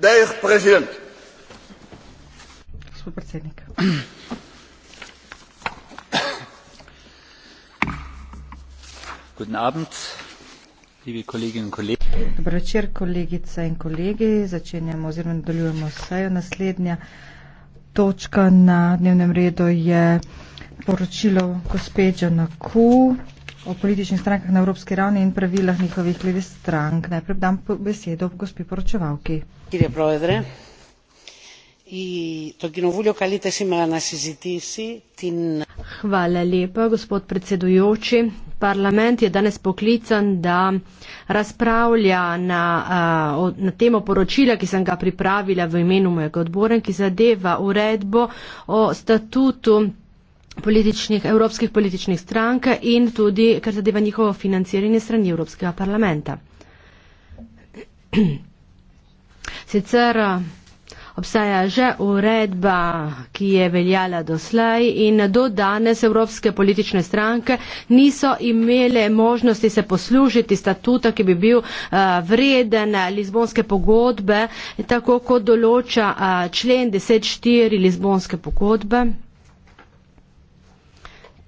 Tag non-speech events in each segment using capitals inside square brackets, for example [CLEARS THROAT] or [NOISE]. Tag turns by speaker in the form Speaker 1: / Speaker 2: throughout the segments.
Speaker 1: da je prezident.
Speaker 2: Gospod predsednik.
Speaker 1: Guten Abend, liebe Kolleginnen und Kollegen.
Speaker 2: Dobro večer, kolegice in kolegi. Začenjamo oziroma nadaljujemo sejo. Naslednja točka na dnevnem redu je poročilo gospeđa na Q o političnih strankah na evropski ravni in pravilah njihovih glede strank. Najprej dam besedo gospi poročevalki
Speaker 1: κύριε πρόεδρε
Speaker 3: το κοινοβούλιο καλείται σήμερα να συζητήσει την Hvala lijepa, gospod predsedujoči. Parlament je danes poklican, da razpravlja na, na temo poročila, ki sem ga pripravila v imenu mojega odbora, ki zadeva uredbo o statutu političnih, evropskih političnih strank in tudi, kar zadeva njihovo financiranje strani Evropskega parlamenta. [CLEARS THROAT] Sicer eh, obstaja že uredba, ki je veljala doslej in do danes evropske politične stranke niso imele možnosti se poslužiti statuta, ki bi bil eh, vreden Lizbonske pogodbe, tako kot določa eh, člen 10.4 Lizbonske pogodbe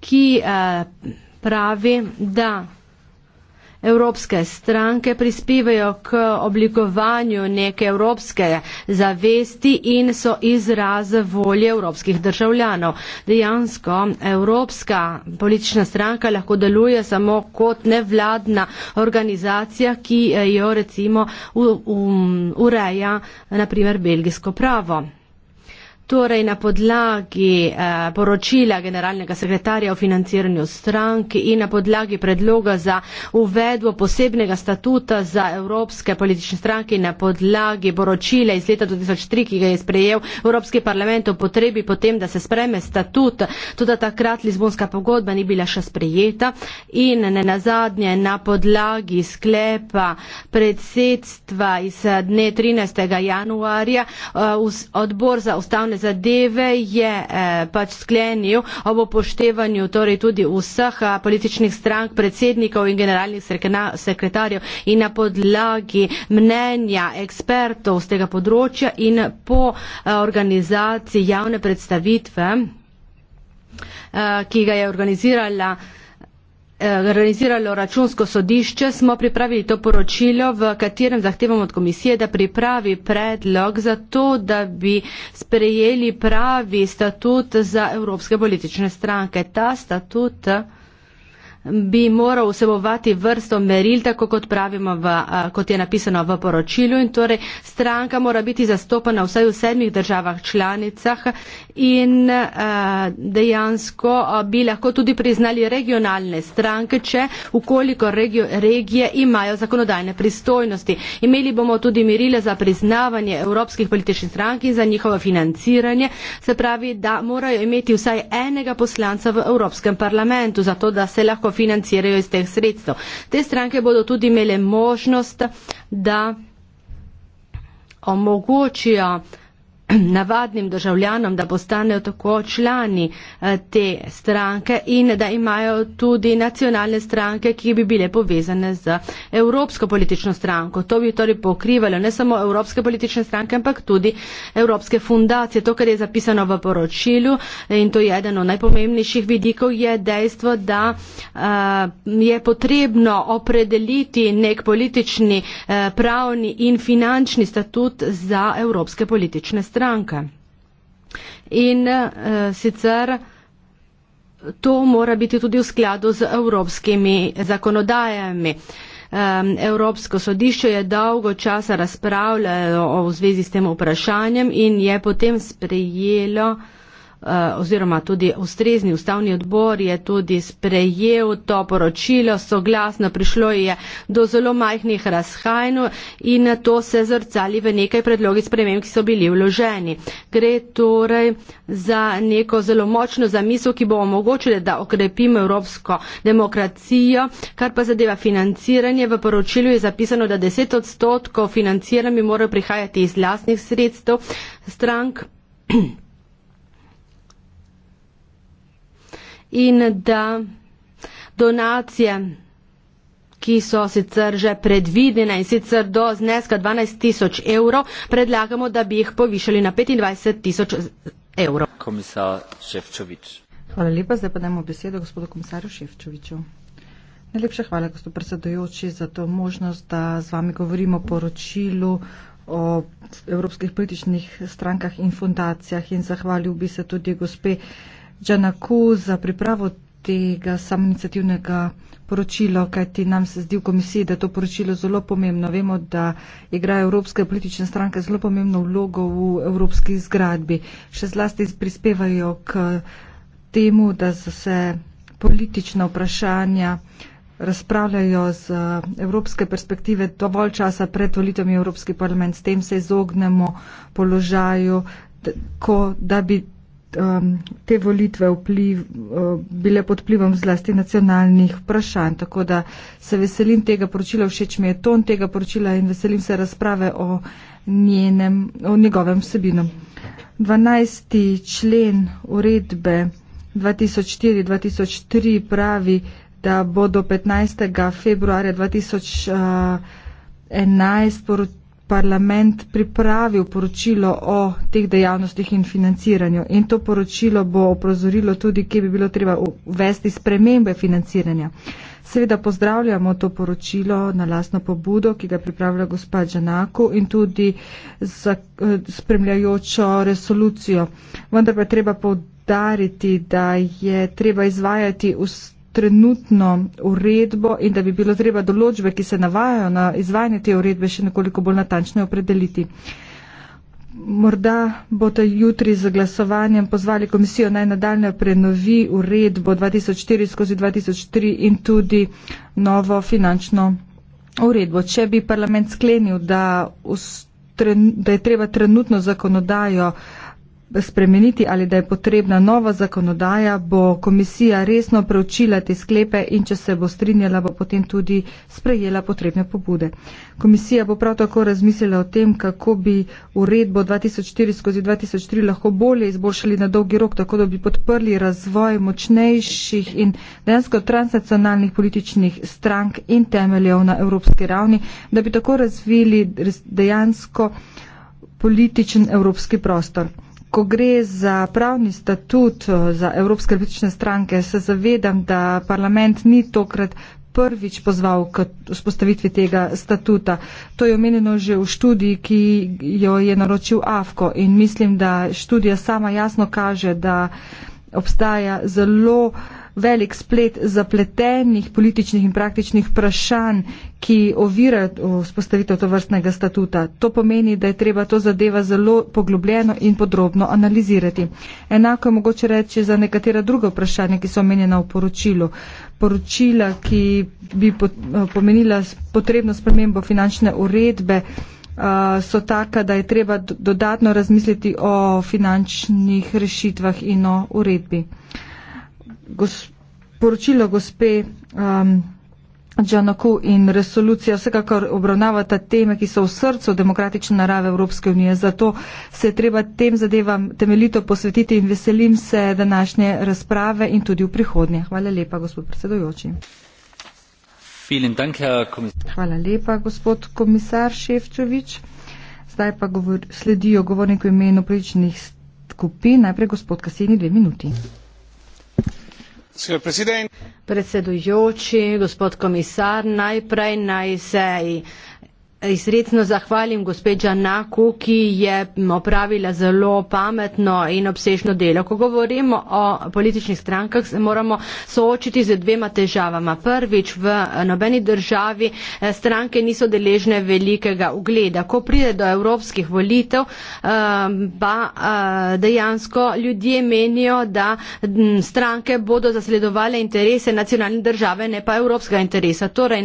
Speaker 3: ki eh, pravi, da evropske stranke prispevajo k oblikovanju neke evropske zavesti in so izraz volje evropskih državljanov. Dejansko evropska politična stranka lahko deluje samo kot nevladna organizacija, ki jo recimo um, ureja naprimer belgijsko pravo. Torej, na podlagi eh, poročila generalnega sekretarja o financiranju strank in na podlagi predloga za uvedbo posebnega statuta za evropske politične stranke in na podlagi poročila iz leta 2003, ki ga je sprejel Evropski parlament o potrebi potem, da se spreme statut, tudi takrat Lizbonska pogodba ni bila še sprejeta in ne nazadnje na podlagi sklepa predsedstva iz eh, dne 13. januarja eh, odbor za ustavne zadeve je eh, pač sklenil ob upoštevanju torej tudi vseh eh, političnih strank, predsednikov in generalnih sekretarjev in na podlagi mnenja ekspertov z tega področja in po eh, organizaciji javne predstavitve, eh, ki ga je organizirala eh, realiziralo računsko sodišče, smo pripravili to poročilo, v katerem zahtevamo od komisije, da pripravi predlog za to, da bi sprejeli pravi statut za evropske politične stranke. Ta statut eh, bi moral vsebovati vrsto meril, tako kot pravimo, v, eh, kot je napisano v poročilu. In torej stranka mora biti zastopana vsaj v sedmih državah članicah in uh, dejansko uh, bi lahko tudi priznali regionalne stranke, če ukoliko regio, regije imajo zakonodajne pristojnosti. Imeli bomo tudi mirile za priznavanje evropskih političnih strank in za njihovo financiranje, se pravi, da morajo imeti vsaj enega poslanca v Evropskem parlamentu, zato da se lahko financirajo iz teh sredstev. Te stranke bodo tudi imele možnost, da omogočijo [CLEARS THROAT] navadnim državljanom, da postanejo tako člani eh, te stranke in da imajo tudi nacionalne stranke, ki bi bile povezane z Evropsko politično stranko. To bi torej pokrivalo ne samo Evropske politične stranke, ampak tudi Evropske fundacije. To, kar je zapisano v poročilu eh, in to je eden od najpomembnejših vidikov, je dejstvo, da eh, je potrebno opredeliti nek politični, pravni in finančni statut za Evropske politične stranke stranka. In uh, sicer to mora biti tudi v skladu z evropskimi zakonodajami. Um, Evropsko sodišče je dolgo časa razpravljalo o, o zvezi s tem vprašanjem in je potem sprejelo uh, Eh, oziroma tudi ustrezni ustavni odbor je tudi sprejel to poročilo, soglasno prišlo je do zelo majhnih razhajanj in to se zrcali v nekaj predlogi sprememb, ki so bili vloženi. Gre torej za neko zelo močno zamisel, ki bo omogočila, da okrepimo evropsko demokracijo, kar pa zadeva financiranje. V poročilu je zapisano, da 10 odstotkov financiranja mora prihajati iz lastnih sredstev strank. in da donacije, ki so sicer že predvidene in sicer do zneska 12 tisoč evrov, predlagamo, da bi jih povišali na 25 tisoč
Speaker 1: evrov.
Speaker 2: Hvala lepa, zdaj pa dajmo besedo gospodu komisarju Ševčoviču. Najlepša hvala, gospod predsedujoči, za to možnost, da z vami govorimo o poročilu o evropskih političnih strankah in fundacijah in zahvalil bi se tudi gospe. Džanaku za pripravo tega samoinicijativnega poročila, kajti nam se zdi v komisiji, da je to poročilo zelo pomembno. Vemo, da igrajo evropske politične stranke zelo pomembno vlogo v evropski zgradbi. Še zlasti prispevajo k temu, da se politična vprašanja razpravljajo z evropske perspektive dovolj časa pred volitvami v Evropski parlament. S tem se izognemo položaju, da, ko, da bi um, te volitve vpliv, uh, bile pod vplivom zlasti nacionalnih vprašanj. Tako da se veselim tega poročila, všeč mi je ton tega poročila in veselim se razprave o, njenem, o njegovem vsebinu. 12. člen uredbe 2004-2003 pravi, da bo do 15. februarja 2011 poročila parlament pripravil poročilo o teh dejavnostih in financiranju. In to poročilo bo oprozorilo tudi, kje bi bilo treba uvesti spremembe financiranja. Seveda pozdravljamo to poročilo na lasno pobudo, ki ga pripravlja gospa Džanaku in tudi eh, spremljajočo resolucijo. Vendar pa je treba povdariti, da je treba izvajati ustavljanje trenutno uredbo in da bi bilo treba določbe, ki se navajajo na izvajanje te uredbe, še nekoliko bolj natančno opredeliti. Morda boste jutri z glasovanjem pozvali komisijo naj nadaljne prenovi uredbo 2004 skozi 2003 in tudi novo finančno uredbo. Če bi parlament sklenil, da, tren, da je treba trenutno zakonodajo uh, spremeniti ali da je potrebna nova zakonodaja, bo komisija resno preučila te sklepe in če se bo strinjala, bo potem tudi sprejela potrebne pobude. Komisija bo prav tako razmislila o tem, kako bi uredbo 2004-2003 lahko bolje izboljšali na dolgi rok, tako da bi podprli razvoj močnejših in dejansko transnacionalnih političnih strank in temeljev na evropski ravni, da bi tako razvili dejansko političen evropski prostor ko gre za pravni statut eh, za Evropske politične stranke, se zavedam, da parlament ni tokrat prvič pozval k vzpostavitvi tega statuta. To je omenjeno že v študiji, ki jo je naročil AFKO in mislim, da študija sama jasno kaže, da obstaja zelo velik splet zapletenih političnih in praktičnih vprašanj ki ovira vzpostavitev to vrstnega statuta. To pomeni, da je treba to zadeva zelo poglobljeno in podrobno analizirati. Enako je mogoče reči za nekatera druga vprašanja, ki so omenjena v poročilu. Poročila, ki bi eh, pomenila potrebno spremembo finančne uredbe, eh, so taka, da je treba dodatno razmisliti o finančnih rešitvah in o uredbi. Gos poročilo gospe. Um, Džanaku in resolucija vsekakor obravnavata teme, ki so v srcu demokratične narave Evropske unije. Zato se je treba tem zadevam temeljito posvetiti in veselim se današnje razprave in tudi v prihodnje. Hvala lepa, gospod predsedujoči. Hvala lepa, gospod komisar Ševčovič. Zdaj pa govor, sledijo govorniki v imenu političnih skupin. Najprej gospod Kaseni, dve minuti. Hvala.
Speaker 3: Predsedujoči, gospod komisar, najprej naj se izredno zahvalim gospod Džanaku, ki je opravila zelo pametno in obsežno delo. Ko govorimo o političnih strankah, se moramo soočiti z dvema težavama. Prvič, v nobeni državi eh, stranke niso deležne velikega ugleda. Ko pride do evropskih volitev, eh, pa eh, dejansko ljudje menijo, da stranke bodo zasledovale interese nacionalne države, ne pa evropskega interesa. Torej,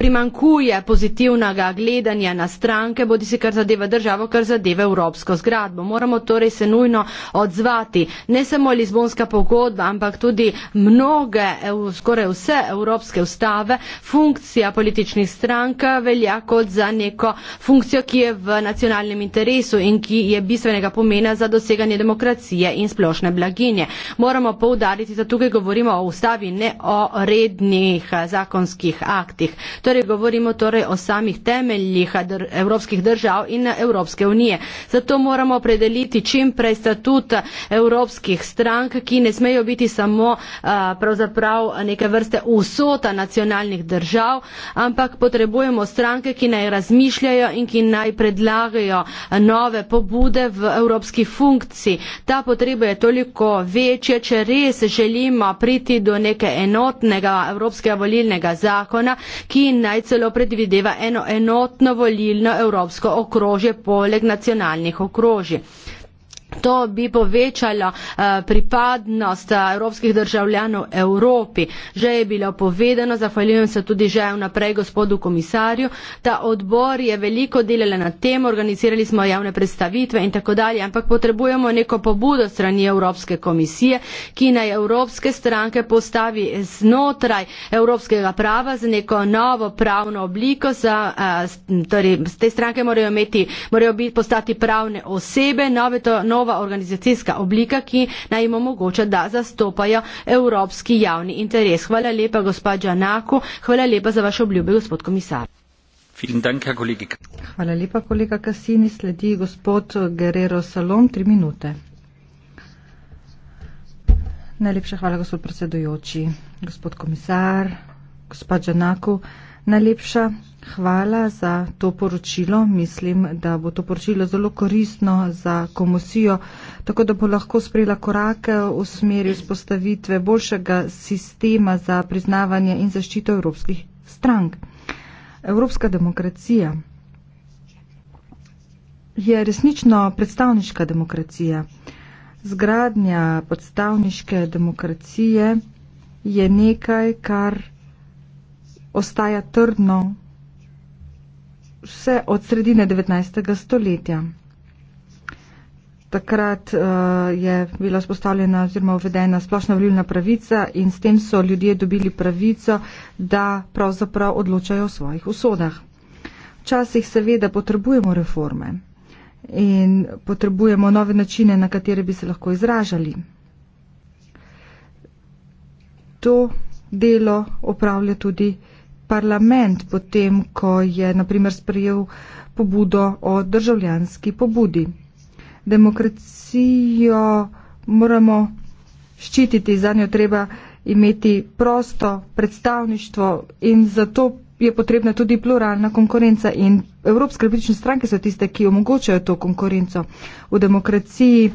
Speaker 3: primankuje pozitivnega gledanja na stranke, bodi si kar zadeva državo, kar zadeva evropsko zgradbo. Moramo torej se nujno odzvati. Ne samo Lizbonska pogodba, ampak tudi mnoge, skoraj vse evropske ustave, funkcija političnih strank eh, velja kot za neko funkcijo, ki je v nacionalnem interesu in ki je bistvenega pomena za doseganje demokracije in splošne blaginje. Moramo poudariti, da tukaj govorimo o ustavi, ne o rednih eh, zakonskih aktih. To torej govorimo torej o samih temeljih dr evropskih držav in Evropske unije. Zato moramo opredeliti čim prej statut evropskih strank, ki ne smejo biti samo pravzaprav neke vrste usota nacionalnih držav, ampak potrebujemo stranke, ki naj razmišljajo in ki naj predlagajo nove pobude v evropski funkciji. Ta potreba je toliko večja, če res želimo priti do neke enotnega evropskega volilnega zakona, ki naj celo predvideva eno enotno volilno evropsko okrožje poleg nacionalnih okrožij. To bi povečalo eh, pripadnost eh, evropskih državljanov Evropi. Že je bilo povedano, zahvaljujem se tudi že vnaprej gospodu komisarju. Ta odbor je veliko delal na tem, organizirali smo javne predstavitve in tako dalje, ampak potrebujemo neko pobudo strani Evropske komisije, ki naj evropske stranke postavi znotraj evropskega prava z neko novo pravno obliko. Za, eh, torej, te stranke morajo, imeti, morajo biti, postati pravne osebe, nove to. Nove nova organizacijska oblika, ki naj jim omogoča, da zastopajo evropski javni interes. Hvala lepa, gospod Džanaku, hvala lepa za vaše obljube, gospod
Speaker 2: komisar. Hvala lepa, kolega Kasini. Sledi gospod Guerrero Salom, tri minute. Najlepša hvala, gospod predsedujoči, gospod komisar, gospod Džanaku. Najlepša hvala za to poročilo. Mislim, da bo to poročilo zelo koristno za komisijo, tako da bo lahko sprejela korake v smeri vzpostavitve boljšega sistema za priznavanje in zaščito evropskih strank. Evropska demokracija je resnično predstavniška demokracija. Zgradnja predstavniške demokracije je nekaj, kar ostaja trdno vse od sredine 19. stoletja. Takrat uh, je bila spostavljena oziroma uvedena splošna volilna pravica in s tem so ljudje dobili pravico, da pravzaprav odločajo o svojih usodah. Včasih seveda potrebujemo reforme in potrebujemo nove načine, na katere bi se lahko izražali. To delo opravlja tudi parlament potem, ko je naprimer sprejel pobudo o državljanski pobudi. Demokracijo moramo ščititi, za njo treba imeti prosto predstavništvo in zato je potrebna tudi pluralna konkurenca in Evropske politične stranke so tiste, ki omogočajo to konkurenco. V demokraciji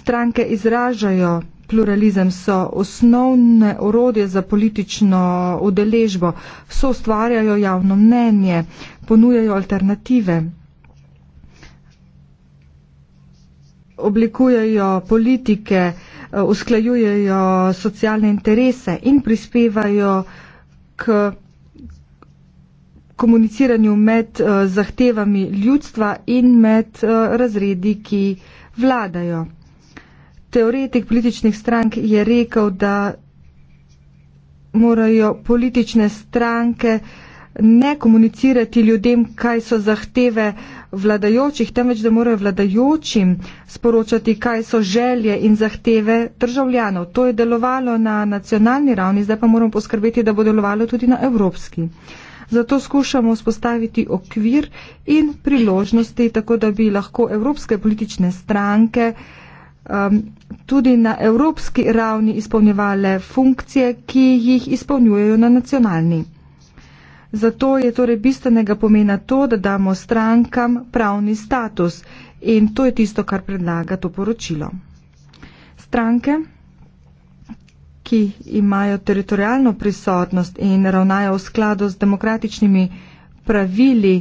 Speaker 2: stranke izražajo pluralizem so osnovne orodje za politično udeležbo, so ustvarjajo javno mnenje, ponujajo alternative, oblikujejo politike, eh, usklajujejo socialne interese in prispevajo k komuniciranju med eh, zahtevami ljudstva in med eh, razredi, ki vladajo teoretik političnih strank je rekel, da morajo politične stranke ne komunicirati ljudem, kaj so zahteve vladajočih, temveč da morajo vladajočim sporočati, kaj so želje in zahteve državljanov. To je delovalo na nacionalni ravni, zdaj pa moramo poskrbeti, da bo delovalo tudi na evropski. Zato skušamo spostaviti okvir in priložnosti, tako da bi lahko evropske politične stranke eh, um, tudi na evropski ravni izpolnjevale funkcije, ki jih izpolnjujejo na nacionalni. Zato je torej bistvenega pomena to, da damo strankam pravni status in to je tisto, kar predlaga to poročilo. Stranke, ki imajo teritorijalno prisotnost in ravnajo v skladu s demokratičnimi pravili,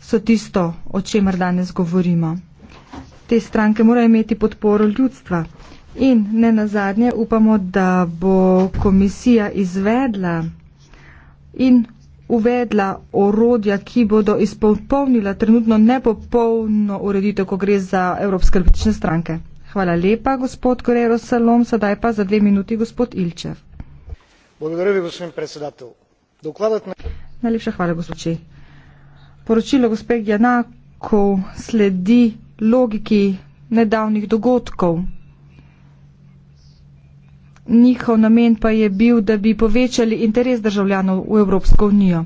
Speaker 2: so tisto, o čemer danes govorimo te stranke morajo imeti podporo ljudstva. In ne nazadnje upamo, da bo komisija izvedla in uvedla orodja, ki bodo izpolnila trenutno nepopolno ureditev, ko gre za evropske politične stranke. Hvala lepa, gospod Korero Salom. Sedaj pa za dve minuti, gospod Ilčev. Najlepša hvala, gospod Če. Poročilo gospe Janakov sledi logiki nedavnih dogodkov. Njihov namen pa je bil, da bi povečali interes državljanov v Evropsko unijo.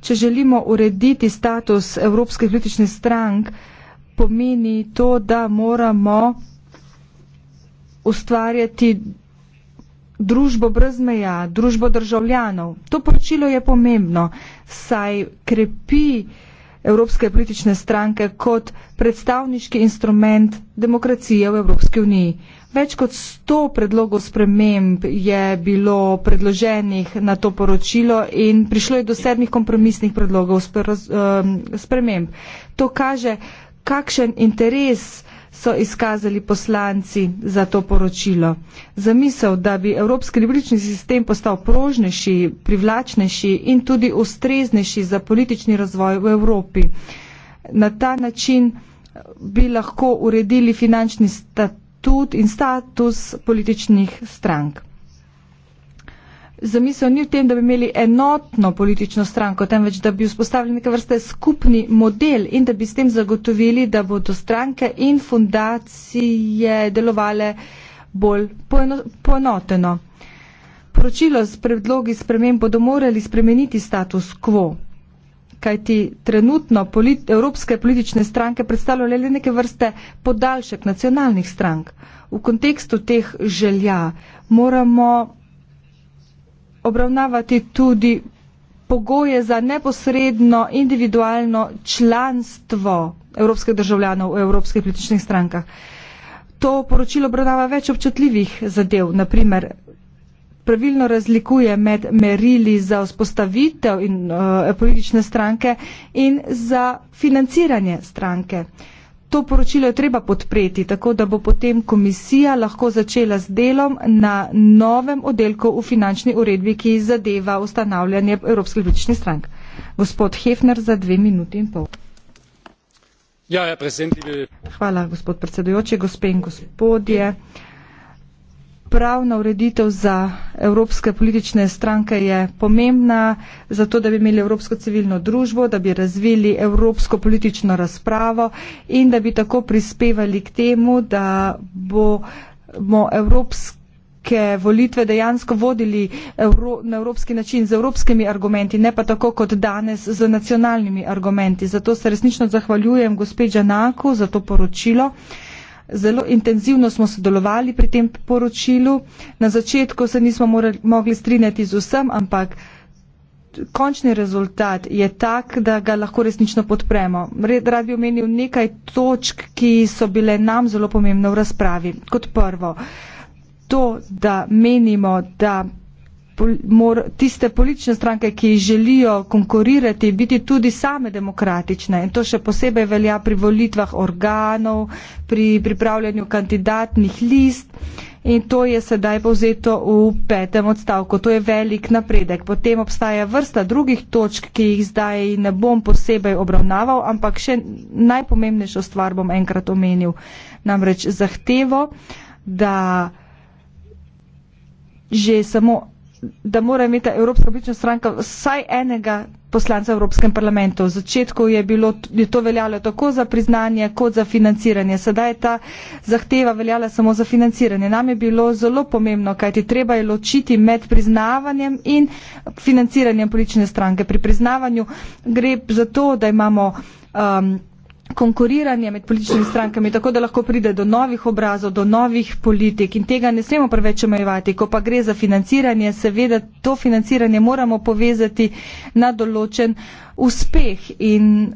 Speaker 2: Če želimo urediti status evropskih političnih strank, pomeni to, da moramo ustvarjati družbo brez meja, družbo državljanov. To poročilo je pomembno, saj krepi uh, evropske politične stranke kot predstavniški instrument demokracije v Evropski uniji. Več kot sto predlogov sprememb je bilo predloženih na to poročilo in prišlo je do sedmih kompromisnih predlogov eh, sprememb. To kaže, kakšen interes uh, so izkazali poslanci za to poročilo. Zamisel, da bi evropski ribnični sistem postal prožnejši, privlačnejši in tudi ustreznejši za politični razvoj v Evropi. Na ta način bi lahko uredili finančni statut in status političnih strank zamisel ni v tem, da bi imeli enotno politično stranko, temveč da bi vzpostavili neke vrste skupni model in da bi s tem zagotovili, da bodo stranke in fundacije delovale bolj poenoteno. Poročilo s predlogi sprememb bodo morali spremeniti status quo, kajti trenutno polit evropske politične stranke predstavljajo le neke vrste podaljšek nacionalnih strank. V kontekstu teh želja moramo obravnavati tudi pogoje za neposredno individualno članstvo evropskih državljanov v evropskih političnih strankah. To poročilo obravnava več občutljivih zadev, naprimer pravilno razlikuje med merili za vzpostavitev in, uh, politične stranke in za financiranje stranke. Uh, to poročilo je treba podpreti, tako da bo potem komisija lahko začela z delom na novem oddelku v finančni uredbi, ki zadeva ustanavljanje Evropskih političnih strank. Gospod Hefner za dve minuti in pol. Ja, ja, Hvala, gospod predsedujoči, gospe in gospodje pravna ureditev za evropske politične stranke je pomembna za to, da bi imeli evropsko civilno družbo, da bi razvili evropsko politično razpravo in da bi tako prispevali k temu, da bomo evropske volitve dejansko vodili Evro, na evropski način z evropskimi argumenti, ne pa tako kot danes z nacionalnimi argumenti. Zato se resnično zahvaljujem gospe Đanaku za to poročilo. Zelo intenzivno smo sodelovali pri tem poročilu. Na začetku se nismo morali, mogli strinjati z vsem, ampak končni rezultat je tak, da ga lahko resnično podpremo. Rad bi omenil nekaj točk, ki so bile nam zelo pomembne v razpravi. Kot prvo, to, da menimo, da pol, mor, tiste politične stranke, ki želijo konkurirati, biti tudi same demokratične. In to še posebej velja pri volitvah organov, pri pripravljanju kandidatnih list. In to je sedaj povzeto v petem odstavku. To je velik napredek. Potem obstaja vrsta drugih točk, ki jih zdaj ne bom posebej obravnaval, ampak še najpomembnejšo stvar bom enkrat omenil. Namreč zahtevo, da že samo da mora imeti Evropska politična stranka vsaj enega poslanca v Evropskem parlamentu. V začetku je, bilo, je to veljalo tako za priznanje kot za financiranje. Sedaj je ta zahteva veljala samo za financiranje. Nam je bilo zelo pomembno, kajti treba je ločiti med priznavanjem in financiranjem politične stranke. Pri priznavanju gre za to, da imamo um, konkuriranje med političnimi strankami, tako da lahko pride do novih obrazov, do novih politik in tega ne smemo preveč omejevati. Ko pa gre za financiranje, seveda to financiranje moramo povezati na določen uspeh in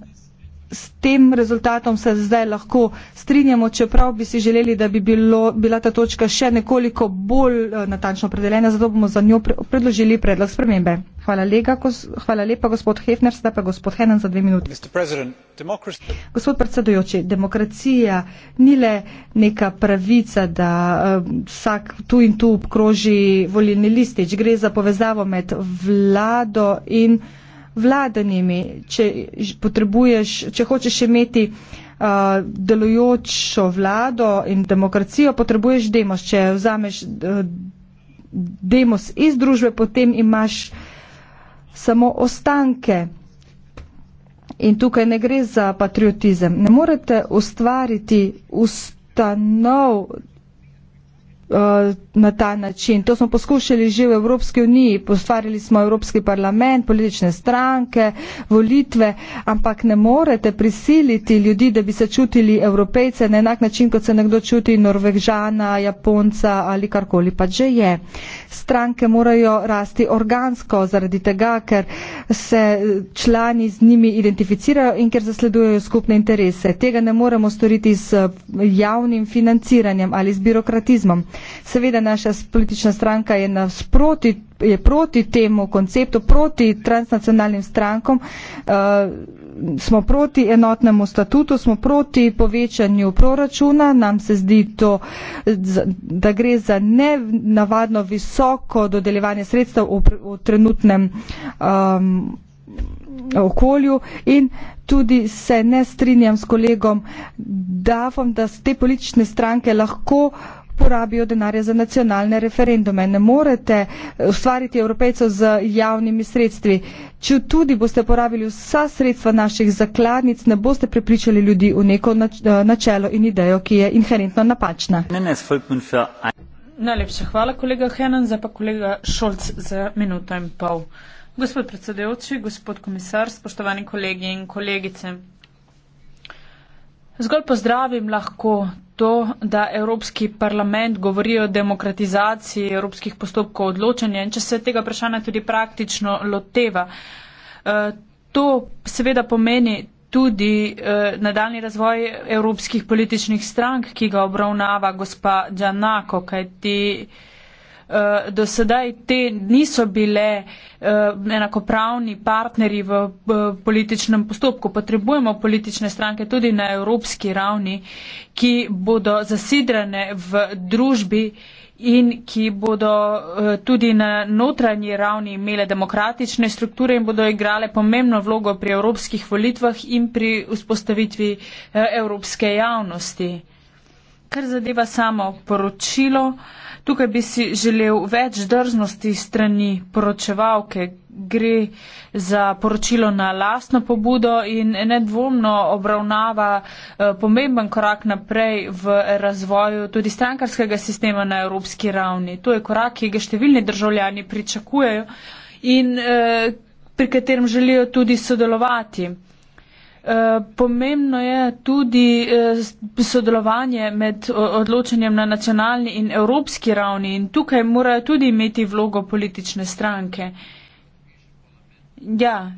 Speaker 2: s tem rezultatom se zdaj lahko strinjamo, čeprav bi si želeli, da bi bilo, bila ta točka še nekoliko bolj eh, natančno predeljena, zato bomo za njo predložili predlog spremembe. Hvala, lega, hvala lepa, gospod Hefner, zdaj pa gospod Henan za dve minuti. Gospod predsedujoči, demokracija ni le neka pravica, da uh, vsak tu in tu obkroži volilni listič, gre za povezavo med vlado in vladanimi, če potrebuješ, če hočeš imeti uh, delujočo vlado in demokracijo, potrebuješ demos. Če vzameš uh, demos iz družbe, potem imaš samo ostanke. In tukaj ne gre za patriotizem. Ne morete ustvariti ustanov Eh, na ta način. To smo poskušali že v Evropski uniji, postvarili smo Evropski parlament, politične stranke, volitve, ampak ne morete prisiliti ljudi, da bi se čutili evropejce na enak način, kot se nekdo čuti norvežana, japonca ali karkoli pa že je. Stranke morajo rasti organsko zaradi tega, ker se člani z njimi identificirajo in ker zasledujejo skupne interese. Tega ne moremo storiti z javnim financiranjem ali z birokratizmom. Seveda naša politična stranka je, sproti, je proti temu konceptu, proti transnacionalnim strankom, uh, smo proti enotnemu statutu, smo proti povečanju proračuna, nam se zdi to, da gre za nenavadno visoko dodeljevanje sredstev v, v trenutnem um, okolju in tudi se ne strinjam s kolegom Dafom, da te politične stranke lahko uh, porabijo denarja za nacionalne referendume. Ne morete eh, ustvariti evropejcev z javnimi sredstvi. Če tudi boste porabili vsa sredstva naših zakladnic, ne boste prepričali ljudi v neko eh, načelo in idejo, ki je inherentno napačna.
Speaker 1: Najlepša hvala, kolega Henan, za pa kolega Šolc za minuto in pol. Gospod predsedujoči, gospod komisar, spoštovani kolegi in kolegice. Zgolj pozdravim lahko to, da Evropski parlament govori o demokratizaciji evropskih postopkov odločanja in če se tega vprašanja tudi praktično loteva. Eh, to seveda pomeni tudi eh, nadaljni razvoj evropskih političnih strank, ki ga obravnava gospa Džanako, kajti uh, do sedaj te niso bile uh, enakopravni partneri v uh, političnem postopku. Potrebujemo politične stranke tudi na evropski ravni, ki bodo zasidrane v družbi in ki bodo tudi na notranji ravni imele demokratične strukture in bodo igrale pomembno vlogo pri evropskih volitvah in pri vzpostavitvi evropske javnosti. Kar zadeva samo poročilo, tukaj bi si želel več drznosti strani poročevalke. Gre za poročilo na lastno pobudo in nedvomno obravnava eh, pomemben korak naprej v razvoju tudi strankarskega sistema na evropski ravni. To je korak, ki ga številni državljani pričakujejo in eh, pri katerem želijo tudi sodelovati. Eh, pomembno je tudi eh, sodelovanje med odločanjem na nacionalni in evropski ravni in tukaj morajo tudi imeti vlogo politične stranke. Ja,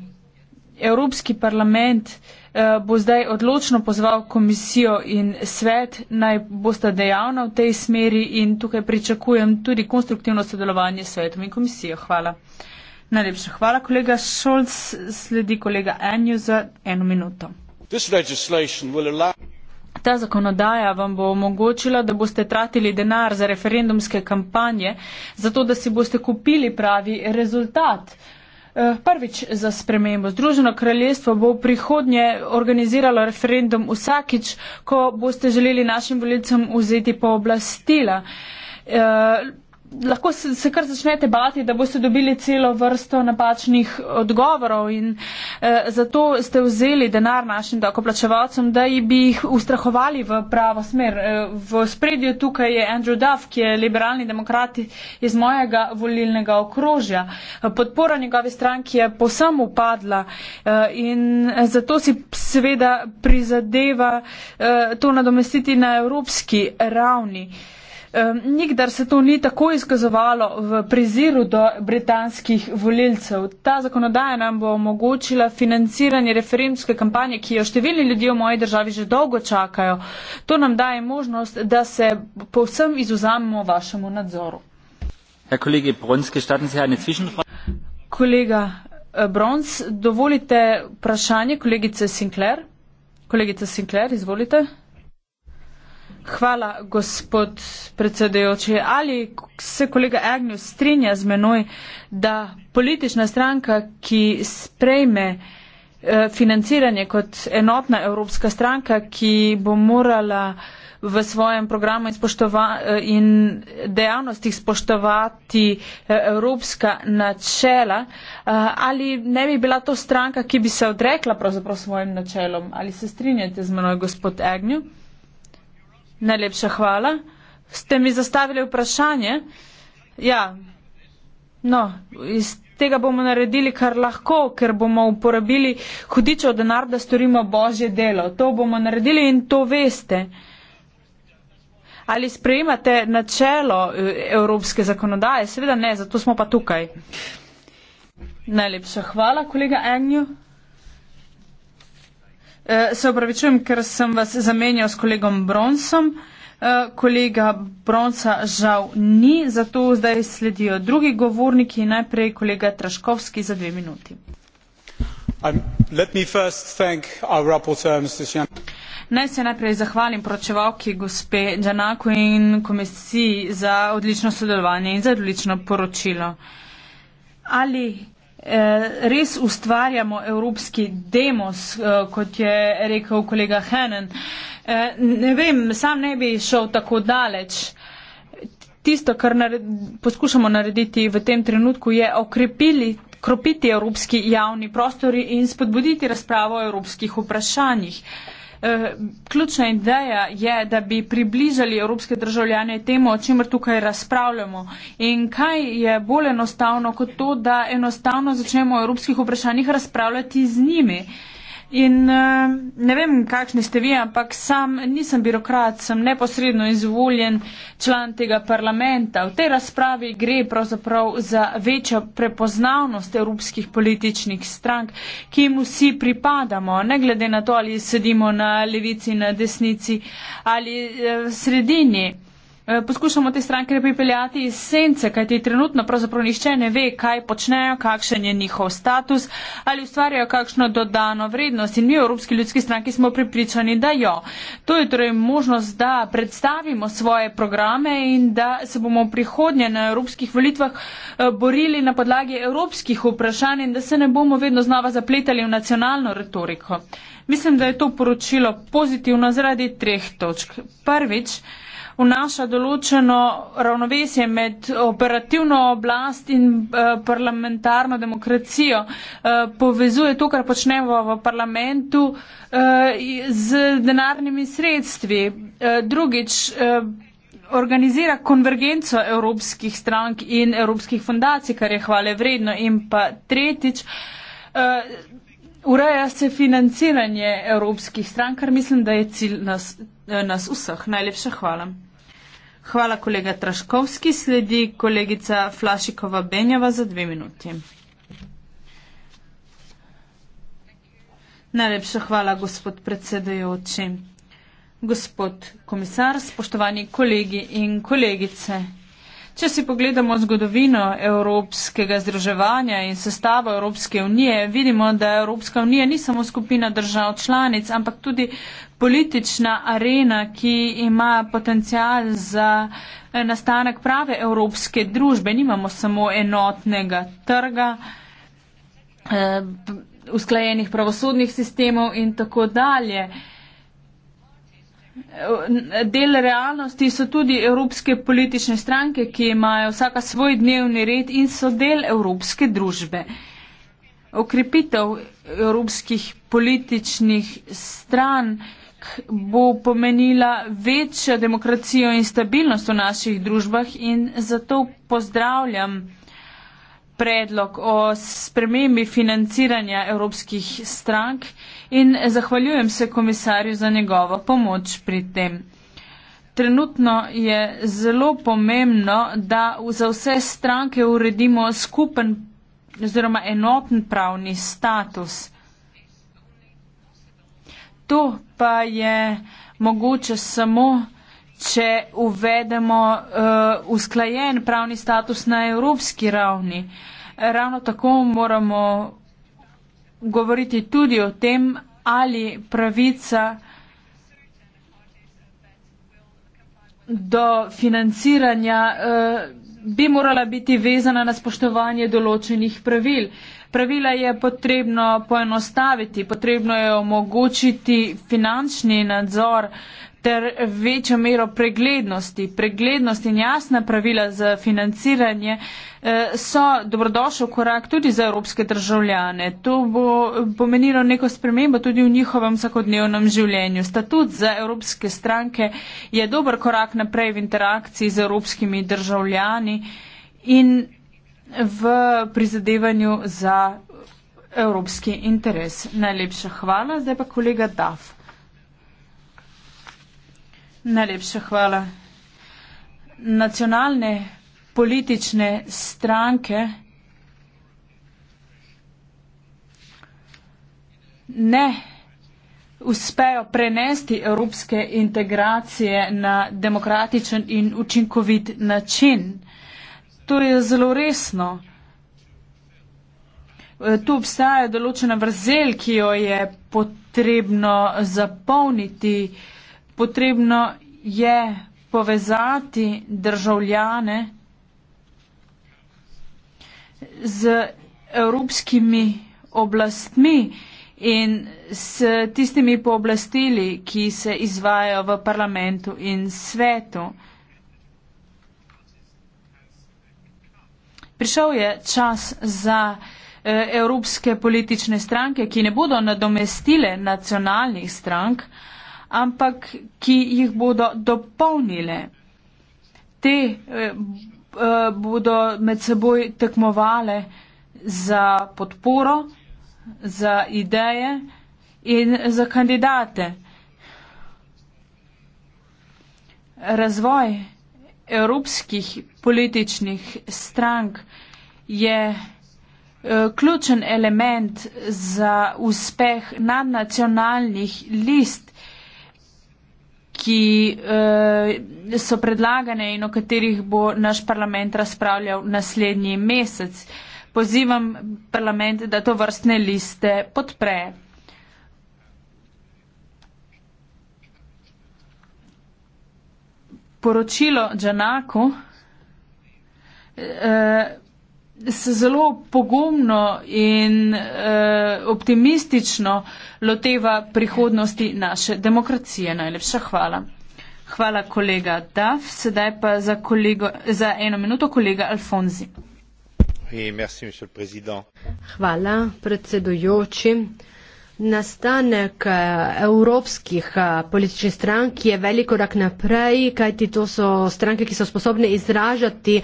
Speaker 1: Evropski parlament eh, bo zdaj odločno pozval komisijo in svet, naj bosta dejavna v tej smeri in tukaj pričakujem tudi konstruktivno sodelovanje s svetom in komisijo. Hvala. Najlepša hvala, kolega Šolc. Sledi kolega Enju za eno minuto. Ta zakonodaja vam bo omogočila, da boste tratili denar za referendumske kampanje, zato da si boste kupili pravi rezultat. Eh, prvič za spremembo. Združeno kraljestvo bo v prihodnje organiziralo referendum vsakič, ko boste želeli našim volilcem vzeti pooblastila. Eh, lahko se, se kar začnete bati, da boste dobili celo vrsto napačnih odgovorov in eh, zato ste vzeli denar našim dokoplačevalcem, da bi jih ustrahovali v pravo smer. Eh, v spredju tukaj je Andrew Duff, ki je liberalni demokrat iz mojega volilnega okrožja. Podpora njegove stranki je posem upadla eh, in zato si seveda prizadeva eh, to nadomestiti na evropski ravni. Eh, nikdar se to ni tako izkazovalo v preziru do britanskih volilcev. Ta zakonodaja nam bo omogočila financiranje referendumske kampanje, ki jo številni ljudje v moji državi že dolgo čakajo. To nam daje možnost, da se povsem izuzamemo vašemu nadzoru. Kolega eh, Brons, dovolite vprašanje kolegice Sinclair. Kolegica Sinclair, izvolite. Hvala, gospod predsedujoči. Ali se kolega Agnew strinja z menoj, da politična stranka, ki sprejme eh, financiranje kot enotna evropska stranka, ki bo morala v svojem programu in, eh, in dejavnostih spoštovati eh, evropska načela, ali ne bi bila to stranka, ki bi se odrekla pravzaprav svojim načelom? Ali se strinjate z menoj, gospod Agnew? Najlepša hvala. Ste mi zastavili vprašanje? Ja, no, iz tega bomo naredili kar lahko, ker bomo uporabili hudičo denar, da storimo božje delo. To bomo naredili in to veste. Ali sprejemate načelo eh, evropske zakonodaje? Seveda ne, zato smo pa tukaj. Najlepša hvala, kolega Enju. Eh, se upravičujem, ker sem vas zamenjal s kolegom Bronsom. Eh, kolega Bronca žal ni, zato zdaj sledijo drugi govorniki. Najprej kolega Traškovski za dve minuti. Um, Naj se najprej zahvalim poročevalki gospe Džanaku in komisiji za odlično sodelovanje in za odlično poročilo. Ali Eh, res ustvarjamo evropski demos, eh, kot je rekel kolega Henen. Eh, ne vem, sam ne bi šel tako daleč. Tisto, kar nared, poskušamo narediti v tem trenutku, je okrepili, kropiti evropski javni prostor in spodbuditi razpravo o evropskih vprašanjih. Eh, ključna ideja je, da bi približali evropske državljane temu, o čemer tukaj razpravljamo. In kaj je bolj enostavno kot to, da enostavno začnemo o evropskih vprašanjih razpravljati z njimi. Uh, In eh, ne vem, kakšni ste vi, ampak sam nisem birokrat, sem neposredno izvoljen član tega parlamenta. V tej razpravi gre pravzaprav za večjo prepoznavnost evropskih političnih strank, ki jim vsi pripadamo, ne glede na to, ali sedimo na levici, na desnici ali eh, sredini. Eh, poskušamo te stranke pripeljati iz sence, kajti trenutno pravzaprav nišče ne ve, kaj počnejo, kakšen je njihov status, ali ustvarjajo kakšno dodano vrednost in mi v Evropski ljudski stranki smo pripričani, da jo. To je torej možnost, da predstavimo svoje programe in da se bomo v prihodnje na evropskih volitvah eh, borili na podlagi evropskih vprašanj in da se ne bomo vedno znova zapletali v nacionalno retoriko. Mislim, da je to poročilo pozitivno zaradi treh točk. Prvič, vnaša določeno ravnovesje med operativno oblast in eh, parlamentarno demokracijo, eh, povezuje to, kar počnemo v parlamentu eh, z denarnimi sredstvi. Drugič, organizira konvergenco evropskih strank in evropskih fundacij, kar je hvale vredno. In pa tretjič, Ureja se financiranje evropskih strank, kar mislim, da je cilj nas, eh, nas vseh. Najlepša hvala. Hvala kolega Traškovski, sledi kolegica Flašikova Benjava za dve minuti. Najlepša hvala, gospod predsedajoči. Gospod komisar, spoštovani kolegi in kolegice. Če si pogledamo zgodovino evropskega združevanja in sestava Evropske unije, vidimo, da Evropska unija ni samo skupina držav članic, ampak tudi politična arena, ki ima potencial za eh, nastanek prave evropske družbe. Nimamo samo enotnega trga, eh, usklajenih pravosodnih sistemov in tako dalje. Del realnosti so tudi evropske politične stranke, ki imajo vsaka svoj dnevni red in so del evropske družbe. Okrepitev evropskih političnih strank bo pomenila večjo demokracijo in stabilnost v naših družbah in zato pozdravljam predlog o spremembi financiranja evropskih strank in zahvaljujem se komisarju za njegovo pomoč pri tem. Trenutno je zelo pomembno, da za vse stranke uredimo skupen oziroma enoten pravni status. To pa je mogoče samo če uvedemo uh, usklajen pravni status na evropski ravni. Ravno tako moramo govoriti tudi o tem, ali pravica do financiranja uh, bi morala biti vezana na spoštovanje določenih pravil. Pravila je potrebno poenostaviti, potrebno je omogočiti finančni nadzor, ter večjo mero preglednosti. Preglednost in jasna pravila za financiranje eh, so dobrodošel korak tudi za evropske državljane. To bo pomenilo neko spremembo tudi v njihovem vsakodnevnem življenju. Statut za evropske stranke je dober korak naprej v interakciji z evropskimi državljani in v prizadevanju za evropski interes. Najlepša hvala. Zdaj pa kolega Daf. Najlepša hvala. Nacionalne politične stranke ne uspejo prenesti evropske integracije na demokratičen in učinkovit način. To je zelo resno. Tu obstaja določena vrzel, ki jo je potrebno zapolniti potrebno je povezati državljane z evropskimi oblastmi in s tistimi pooblastili, ki se izvajajo v parlamentu in svetu. Prišel je čas za eh, evropske politične stranke, ki ne bodo nadomestile nacionalnih strank, ampak ki jih bodo dopolnile. Te eh, eh, bodo med seboj tekmovale za podporo, za ideje in za kandidate. Razvoj evropskih političnih strank je eh, ključen element za uspeh nadnacionalnih list ki uh, so predlagane in o katerih bo naš parlament razpravljal naslednji mesec. Pozivam parlament, da to vrstne liste podpre. Poročilo Džanaku. Uh, eh, se zelo pogumno in uh, optimistično loteva prihodnosti naše demokracije. Najlepša hvala. Hvala, kolega Daf. Sedaj pa za, kolego, za eno minuto kolega Alfonzi. Hvala, predsedujoči.
Speaker 3: Nastanek eh, evropskih eh, političnih strank je velik korak naprej, kajti to so stranke, ki so sposobne izražati eh,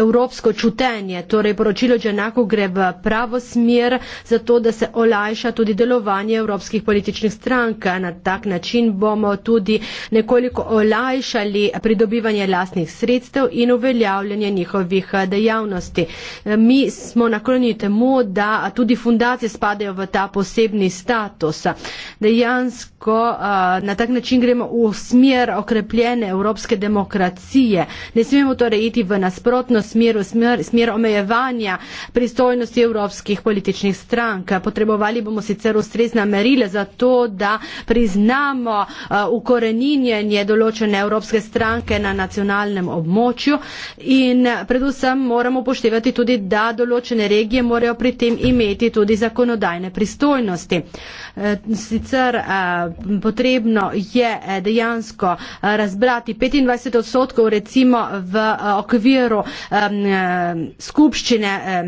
Speaker 3: evropsko čutenje. Torej, poročilo Džanaku gre v pravo smer za to, da se olajša tudi delovanje evropskih političnih strank. Na tak način bomo tudi nekoliko olajšali pridobivanje lastnih sredstev in uveljavljanje njihovih dejavnosti. Mi smo naklonjeni temu, da tudi fundacije spadajo v ta posebnost posebni status. Dejansko na tak način gremo v smer okrepljene evropske demokracije. Ne smemo torej iti v nasprotno smer, v smer, smer omejevanja pristojnosti evropskih političnih strank. Potrebovali bomo sicer ustrezna merila za to, da priznamo ukoreninjenje določene evropske stranke na nacionalnem območju in predvsem moramo upoštevati tudi, da določene regije morajo pri tem imeti tudi zakonodajne pristojnosti pristojnosti. Eh, sicer eh, potrebno je eh, dejansko razbrati 25 odstotkov recimo v okviru skupščine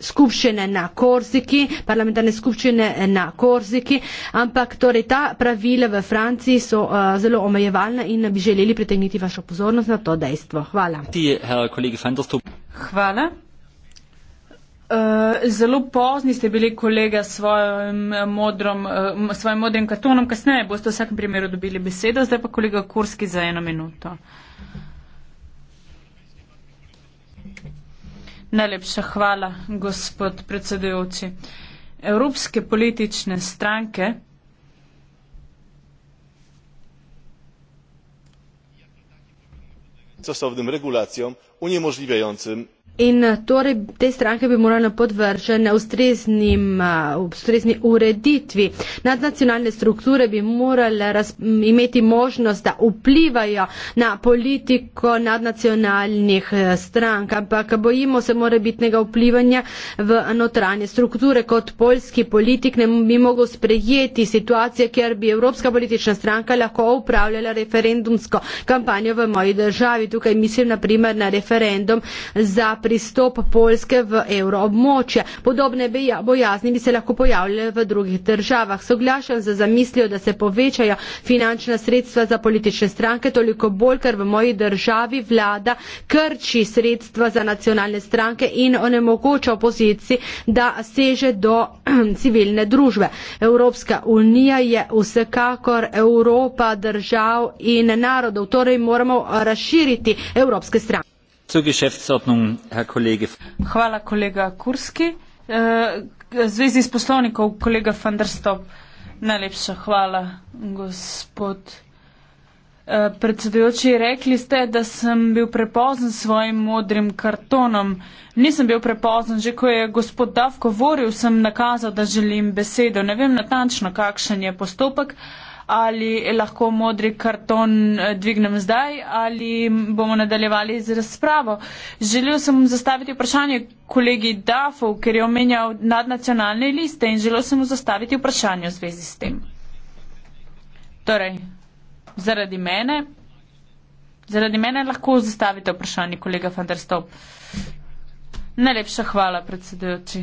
Speaker 3: skupščine na Korziki, parlamentarne skupščine na Korziki, ampak torej ta pravila v Franciji so uh, zelo omejevalna in
Speaker 1: bi želeli pritegniti vašo pozornost na to dejstvo. Hvala. Hvala. Uh, zelo pozni ste bili kolega s svojim eh, eh, modrim uh, kartonom, kasneje boste v vsakem primeru dobili besedo, zdaj pa kolega Kurski za eno minuto. Najlepša hvala, gospod predsedujoči. Evropske politične stranke
Speaker 2: so s sobodnim regulacijom unemožljivajočim
Speaker 1: In
Speaker 3: eh, torej te stranke bi morali na podvržene eh, ustrezni ureditvi. Nadnacionalne strukture bi morali raz, imeti možnost, da vplivajo na politiko nadnacionalnih eh, strank, ampak bojimo se mora bitnega vplivanja v notranje strukture. Kot polski politik ne bi mogel sprejeti situacije, kjer bi Evropska politična stranka lahko upravljala referendumsko kampanjo v moji državi. Tukaj mislim naprimer na referendum za prihodnost pristop Poljske v evroobmočje. Podobne bojazni bi se lahko pojavljale v drugih državah. Soglašam za zamislijo, da se povečajo finančna sredstva za politične stranke, toliko bolj, ker v moji državi vlada krči sredstva za nacionalne stranke in onemogoča opoziciji, da seže do [CLEARS THROAT] civilne družbe. Evropska unija je vsekakor Evropa držav in narodov,
Speaker 1: torej moramo razširiti evropske stranke hvala kolega kurski eh, v zvezi s poslovnikom kolega van der stop najlepša hvala gospod eh, predsedujoči rekli ste da sem bil prepozen s svojim modrim kartonom nisem bil prepozen že ko je gospod davko govoril sem nakazal da želim besedo ne vem natančno kakšen je postopek ali lahko modri karton eh, dvignem zdaj ali bomo nadaljevali z razpravo. Želel sem zastaviti vprašanje kolegi Dafu, ker je omenjal nadnacionalne liste in želel sem mu zastaviti vprašanje v zvezi s tem. Torej, zaradi mene, zaradi mene lahko zastavite vprašanje kolega Fanderstop. Najlepša hvala, predsedujoči.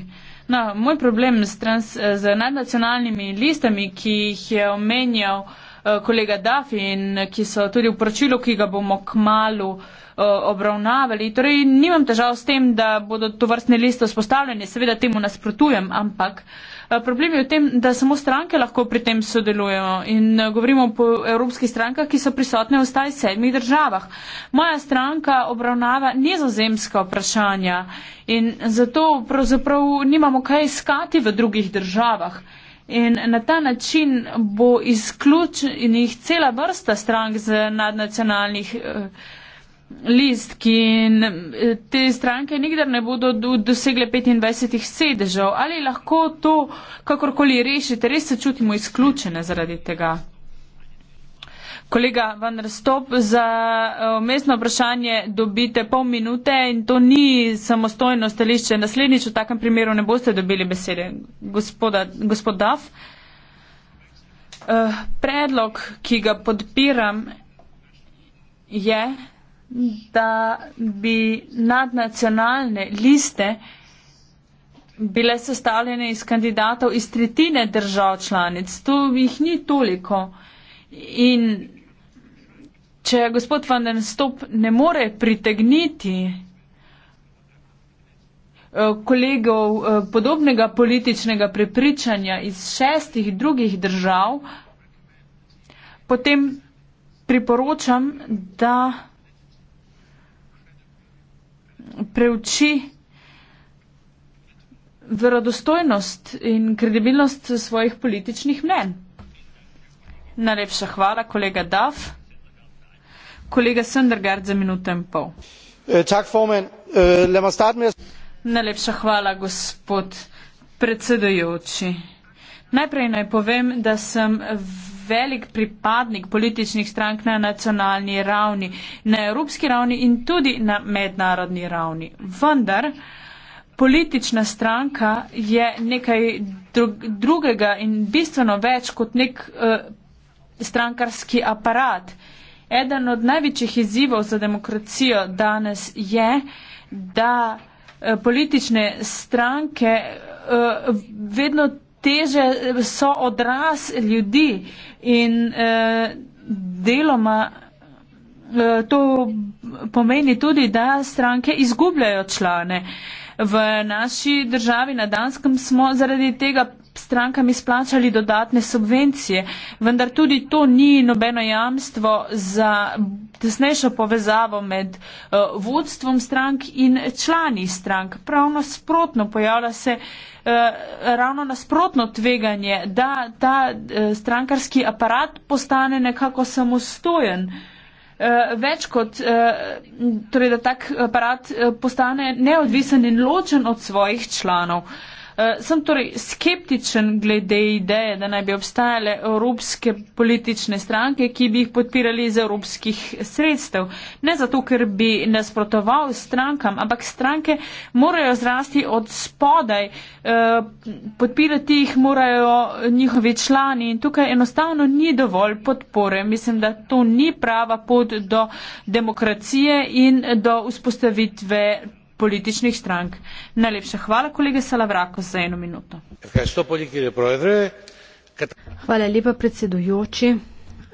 Speaker 1: No, moj problem z, trans, z nadnacionalnimi listami, ki jih je omenjal. Eh, kolega Dafin, ki so tudi v poročilu, ki ga bomo k malu eh, obravnavali. Torej, nimam težav s tem, da bodo to vrstne liste vzpostavljene, seveda temu nasprotujem, ampak eh, problem je v tem, da samo stranke lahko pri tem sodelujemo in govorimo o evropskih strankah, ki so prisotne v staj sedmih državah. Moja stranka obravnava nizozemska vprašanja in zato pravzaprav nimamo kaj iskati v drugih državah. In na ta način bo izključenih cela vrsta strank z nadnacionalnih eh, list, ki eh, te stranke nikdar ne bodo dosegle 25 sedežev. Ali lahko to kakorkoli rešite? Res se čutimo izključene zaradi tega. Kolega Van Rstop, za eh, mestno vprašanje dobite pol minute in to ni samostojno stališče. Naslednjič v takem primeru ne boste dobili besede. Gospoda, gospod Daf, eh, predlog, ki ga podpiram, je, da bi nadnacionalne liste bile sestavljene iz kandidatov iz tretjine držav članic. Tu jih ni toliko. In če gospod Van den Stop ne more pritegniti eh, kolegov eh, podobnega političnega prepričanja iz šestih drugih držav, potem priporočam, da preuči verodostojnost in kredibilnost svojih političnih mnen. Najlepša hvala, kolega Duff kolega Söndergaard za minuto in pol. Eh, tak formand, eh, lad mig starte med at... Najlepša hvala, gospod predsedujoči. Najprej naj povem, da sem velik pripadnik političnih strank na nacionalni ravni, na evropski ravni in tudi na mednarodni ravni. Vendar politična stranka je nekaj drugega in bistveno več kot nek uh, strankarski aparat. Uh, Eden od največjih izzivov za demokracijo danes je, da eh, politične stranke eh, vedno teže so odraz ljudi in eh, deloma to pomeni tudi, da stranke izgubljajo člane. V naši državi na Danskem smo zaradi tega strankam izplačali dodatne subvencije, vendar tudi to ni nobeno jamstvo za tesnejšo povezavo med uh, vodstvom strank in člani strank. Prav nasprotno pojavlja se uh, ravno nasprotno tveganje, da ta uh, strankarski aparat postane nekako samostojen. Uh, več kot, uh, torej, da tak aparat uh, postane neodvisen in ločen od svojih članov. Uh, Eh, sem torej skeptičen glede ideje, da naj bi obstajale evropske politične stranke, ki bi jih podpirali iz evropskih sredstev. Ne zato, ker bi nasprotoval strankam, ampak stranke morajo zrasti od spodaj, eh, podpirati jih morajo njihovi člani in tukaj enostavno ni dovolj podpore. Mislim, da to ni prava pot do demokracije in do vzpostavitve političnih strank. Najlepša hvala, kolega Salavrako, za eno minuto.
Speaker 3: Hvala lepa, predsedujoči.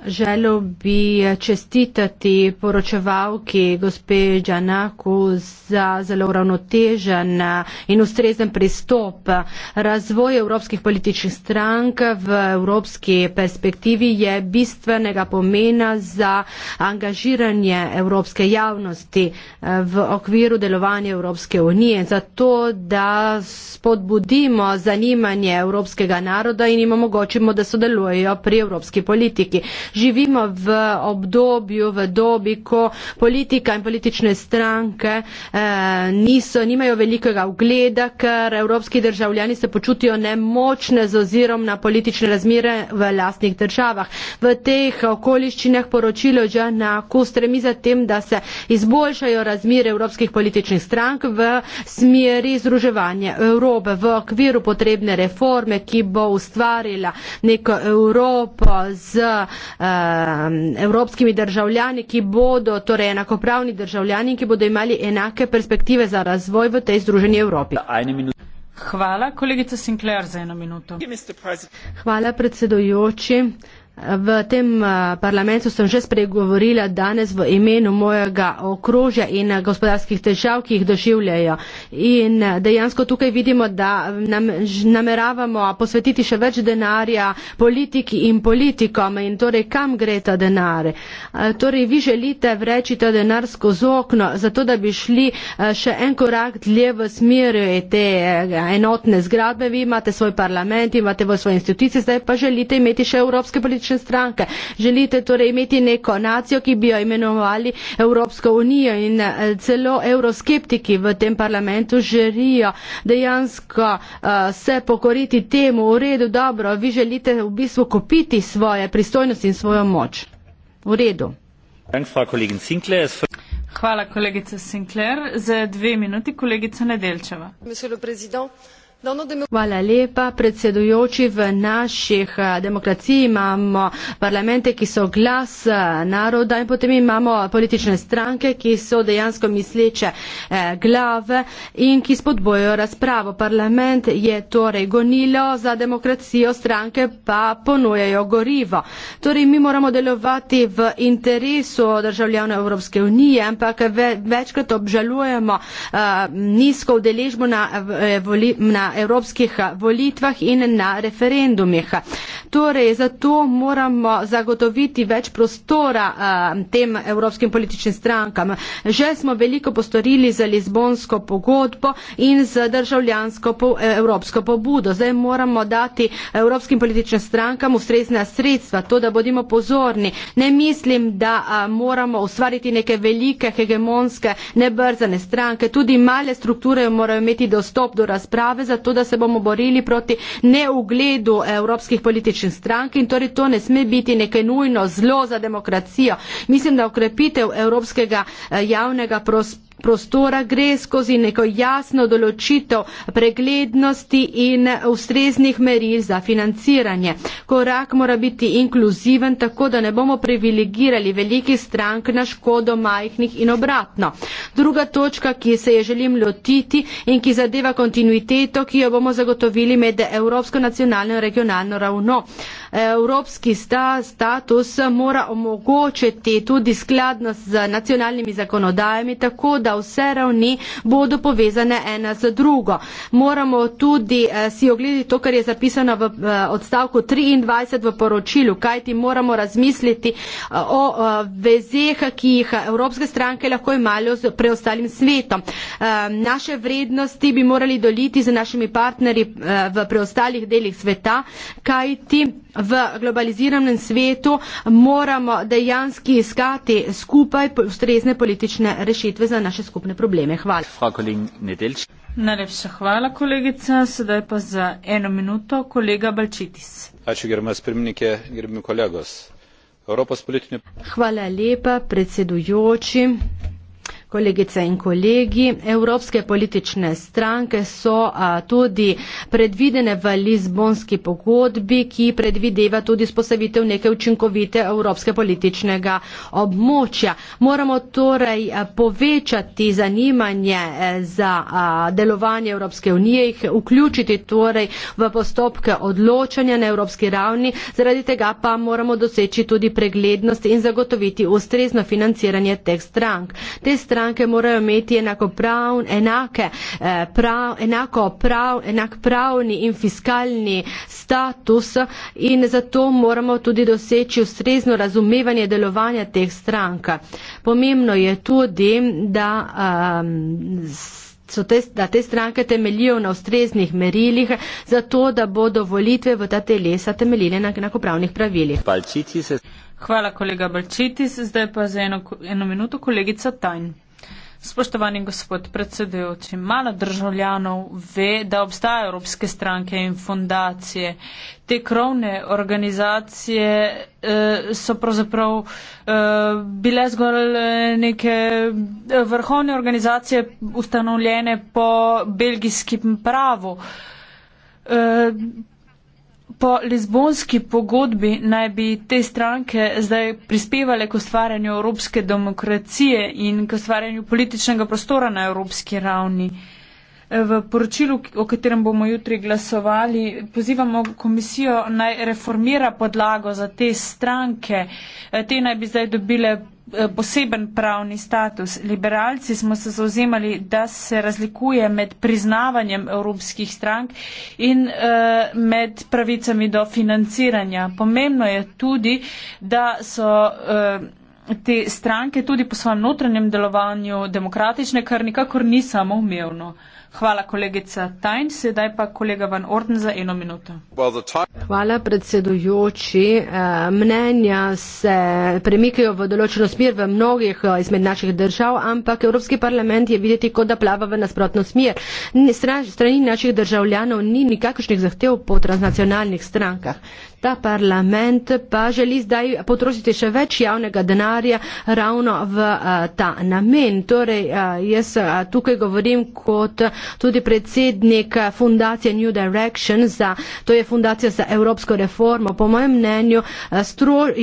Speaker 3: Želel bi čestitati poročevalki gospe Džanaku za zelo ravnotežen in ustrezen pristop. Razvoj evropskih političnih strank v evropski perspektivi je bistvenega pomena za angažiranje evropske javnosti eh, v okviru delovanja Evropske unije, zato da spodbudimo zanimanje evropskega naroda in jim omogočimo, da sodelujejo pri evropski politiki živimo v obdobju, v dobi, ko politika in politične stranke eh, niso, nimajo velikega ugleda, ker evropski državljani se počutijo nemočne z ozirom na politične razmire v lastnih državah. V teh okoliščinah poročilo Džanaku stremi za tem, da se izboljšajo razmire evropskih političnih strank v smeri združevanja Evrope v okviru potrebne reforme, ki bo ustvarila neko Evropo z eh, Um, evropskimi državljani, ki bodo torej enakopravni državljani in ki bodo imeli enake perspektive za razvoj v tej
Speaker 1: združeni Evropi. Hvala, kolegica Sinclair, za eno minuto.
Speaker 3: Hvala, predsedujoči. V tem eh, parlamentu sem že spregovorila danes v imenu mojega okrožja in eh, gospodarskih težav, ki jih doživljajo. In eh, dejansko tukaj vidimo, da nam, nameravamo posvetiti še več denarja politiki in politikom in torej kam gre ta denar. Torej vi želite vreči ta denar skozi okno, zato da bi šli še en korak dlje v smer te enotne zgradbe. Vi imate svoj parlament, imate svoje institucije, zdaj pa želite imeti še evropske politike politična stranka. Želite torej imeti neko nacijo, ki bi jo imenovali Evropsko unijo in eh, celo euroskeptiki v tem parlamentu želijo dejansko uh, se pokoriti temu v redu dobro, vi želite v bistvu kupiti svoje pristojnosti in svojo moč. V redu.
Speaker 1: Hvala, kolegica Sinclair. Za dve minuti, kolegica Nedelčeva.
Speaker 3: Hvala lepa, predsedujoči. V naših eh, demokraciji imamo parlamente, ki so glas eh, naroda in potem imamo politične stranke, ki so dejansko misleče eh, glave in ki spodbojo razpravo. Parlament je torej gonilo za demokracijo, stranke pa ponujajo gorivo. Torej, mi moramo delovati v interesu državljanov Evropske unije, ampak večkrat obžalujemo nizko vdeležbo na, na evropskih eh, volitvah in na referendumih. Torej, zato moramo zagotoviti več prostora a, eh, tem evropskim političnim strankam. Že smo veliko postorili za Lizbonsko pogodbo in za državljansko po, eh, evropsko pobudo. Zdaj moramo dati evropskim političnim strankam ustrezna sredstva, to da bodimo pozorni. Ne mislim, da a, moramo ustvariti neke velike, hegemonske, nebrzane stranke. Tudi male strukture morajo imeti dostop do razprave, to, da se bomo borili proti neugledu evropskih političnih strank in torej to ne sme biti nekaj nujno zlo za demokracijo. Mislim, da okrepitev evropskega eh, javnega prostora prostora gre skozi neko jasno določitev preglednosti in ustreznih meril za financiranje. Korak mora biti inkluziven, tako da ne bomo privilegirali velikih strank na škodo majhnih in obratno. Druga točka, ki se je želim lotiti in ki zadeva kontinuiteto, ki jo bomo zagotovili med Evropsko nacionalno in regionalno ravno. Evropski sta, status mora omogočiti tudi skladno z nacionalnimi zakonodajami, tako da vse ravni bodo povezane ena z drugo. Moramo tudi eh, si ogledati to, kar je zapisano v eh, odstavku 23 v poročilu, kajti moramo razmisliti eh, o eh, vezeh, ki jih Evropske stranke lahko imajo z preostalim svetom. Eh, naše vrednosti bi morali doliti z našimi partnerji eh, v preostalih delih sveta, kajti v globaliziranem svetu moramo dejansko iskati skupaj ustrezne politične rešitve za naše skupne probleme. Hvala.
Speaker 1: Najlepša hvala, kolegica. Sedaj pa za eno minuto kolega Balčitis. Hvala lepa,
Speaker 3: predsedujoči. Kolegice in kolegi, evropske politične stranke so a, tudi predvidene v Lizbonski pogodbi, ki predvideva tudi spostavitev neke učinkovite evropske političnega območja. Moramo torej a, povečati zanimanje a, e, za a, delovanje Evropske unije, jih vključiti torej v postopke odločanja na evropski ravni, zaradi tega pa moramo doseči tudi preglednost in zagotoviti ustrezno financiranje teh strank. Te strank stranke morajo imeti enakopravne, enake, eh, prav, enako prav, enak pravni in fiskalni status in zato moramo tudi doseči ustrezno razumevanje delovanja teh strank. Pomembno je tudi, da um, Te, da te stranke temeljijo na ustreznih merilih, zato da bodo volitve v ta telesa
Speaker 1: temeljile na enakopravnih pravilih. Hvala, kolega Balčiti. Zdaj pa za eno, eno minuto kolegica Tanj. Spoštovani gospod predsedujoči, malo državljanov ve, da obstajajo evropske stranke in fundacije. Te krovne organizacije eh, so pravzaprav eh, bile zgolj eh, neke eh, vrhovne organizacije ustanovljene po belgijskim pravu. Eh, Po Lizbonski pogodbi naj bi te stranke zdaj prispevale k ustvarjanju evropske demokracije in k ustvarjanju političnega prostora na evropski ravni. V poročilu, o katerem bomo jutri glasovali, pozivamo komisijo naj reformira podlago za te stranke. E, te naj bi zdaj dobile e, poseben pravni status. Liberalci smo se zauzemali, da se razlikuje med priznavanjem evropskih strank in uh, med pravicami do financiranja. Pomembno je tudi, da so. Uh, Te stranke tudi po svojem notranjem delovanju demokratične, kar nikakor ni samoumevno. Uh, Hvala, kolegica Tajn. Sedaj pa kolega Van Orden za eno minuto.
Speaker 3: Hvala, predsedujoči. Eh, mnenja se premikajo v določeno smer v mnogih eh, izmed naših držav, ampak Evropski parlament je videti, kot da plava v nasprotno smer. Strani naših državljanov ni nikakršnih zahtev po transnacionalnih strankah ta parlament pa želi zdaj potrošiti še več javnega denarja ravno v eh, ta namen. Torej, eh, jaz eh, tukaj govorim kot tudi predsednik fundacije New Direction, za, to je fundacija za evropsko reformo. Po mojem mnenju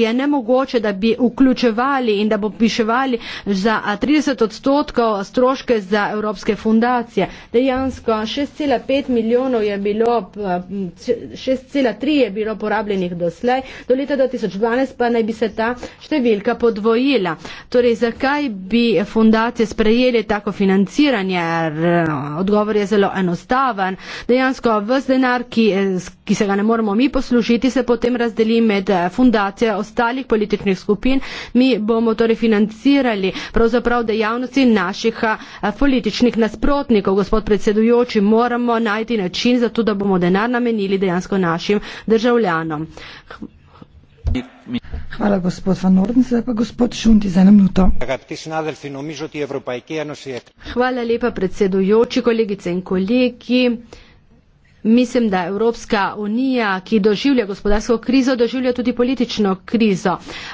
Speaker 3: je nemogoče, da bi vključevali in da bi piševali za 30 odstotkov stroške za evropske fundacije. Dejansko 6,5 milijonov je bilo, 6,3 je bilo porabljeno uporabljenih doslej, do leta 2012 pa naj bi se ta številka podvojila. Torej, zakaj bi fundacije sprejeli tako financiranje? Odgovor je zelo enostaven. Dejansko vse denar, ki, ki se ga ne moramo mi poslužiti, se potem razdeli med eh, fundacije ostalih političnih skupin. Mi bomo torej financirali pravzaprav dejavnosti naših eh, političnih nasprotnikov. Gospod predsedujoči, moramo najti način za to, da bomo denar namenili dejansko našim državljanom.
Speaker 2: Hvala, gospod Van Orden, zdaj pa gospod Šunti za eno minuto. Hvala lepa, predsedujoči, kolegice in
Speaker 3: kolegi. Mislim, da Evropska unija, ki doživlja gospodarsko krizo, doživlja tudi politično krizo.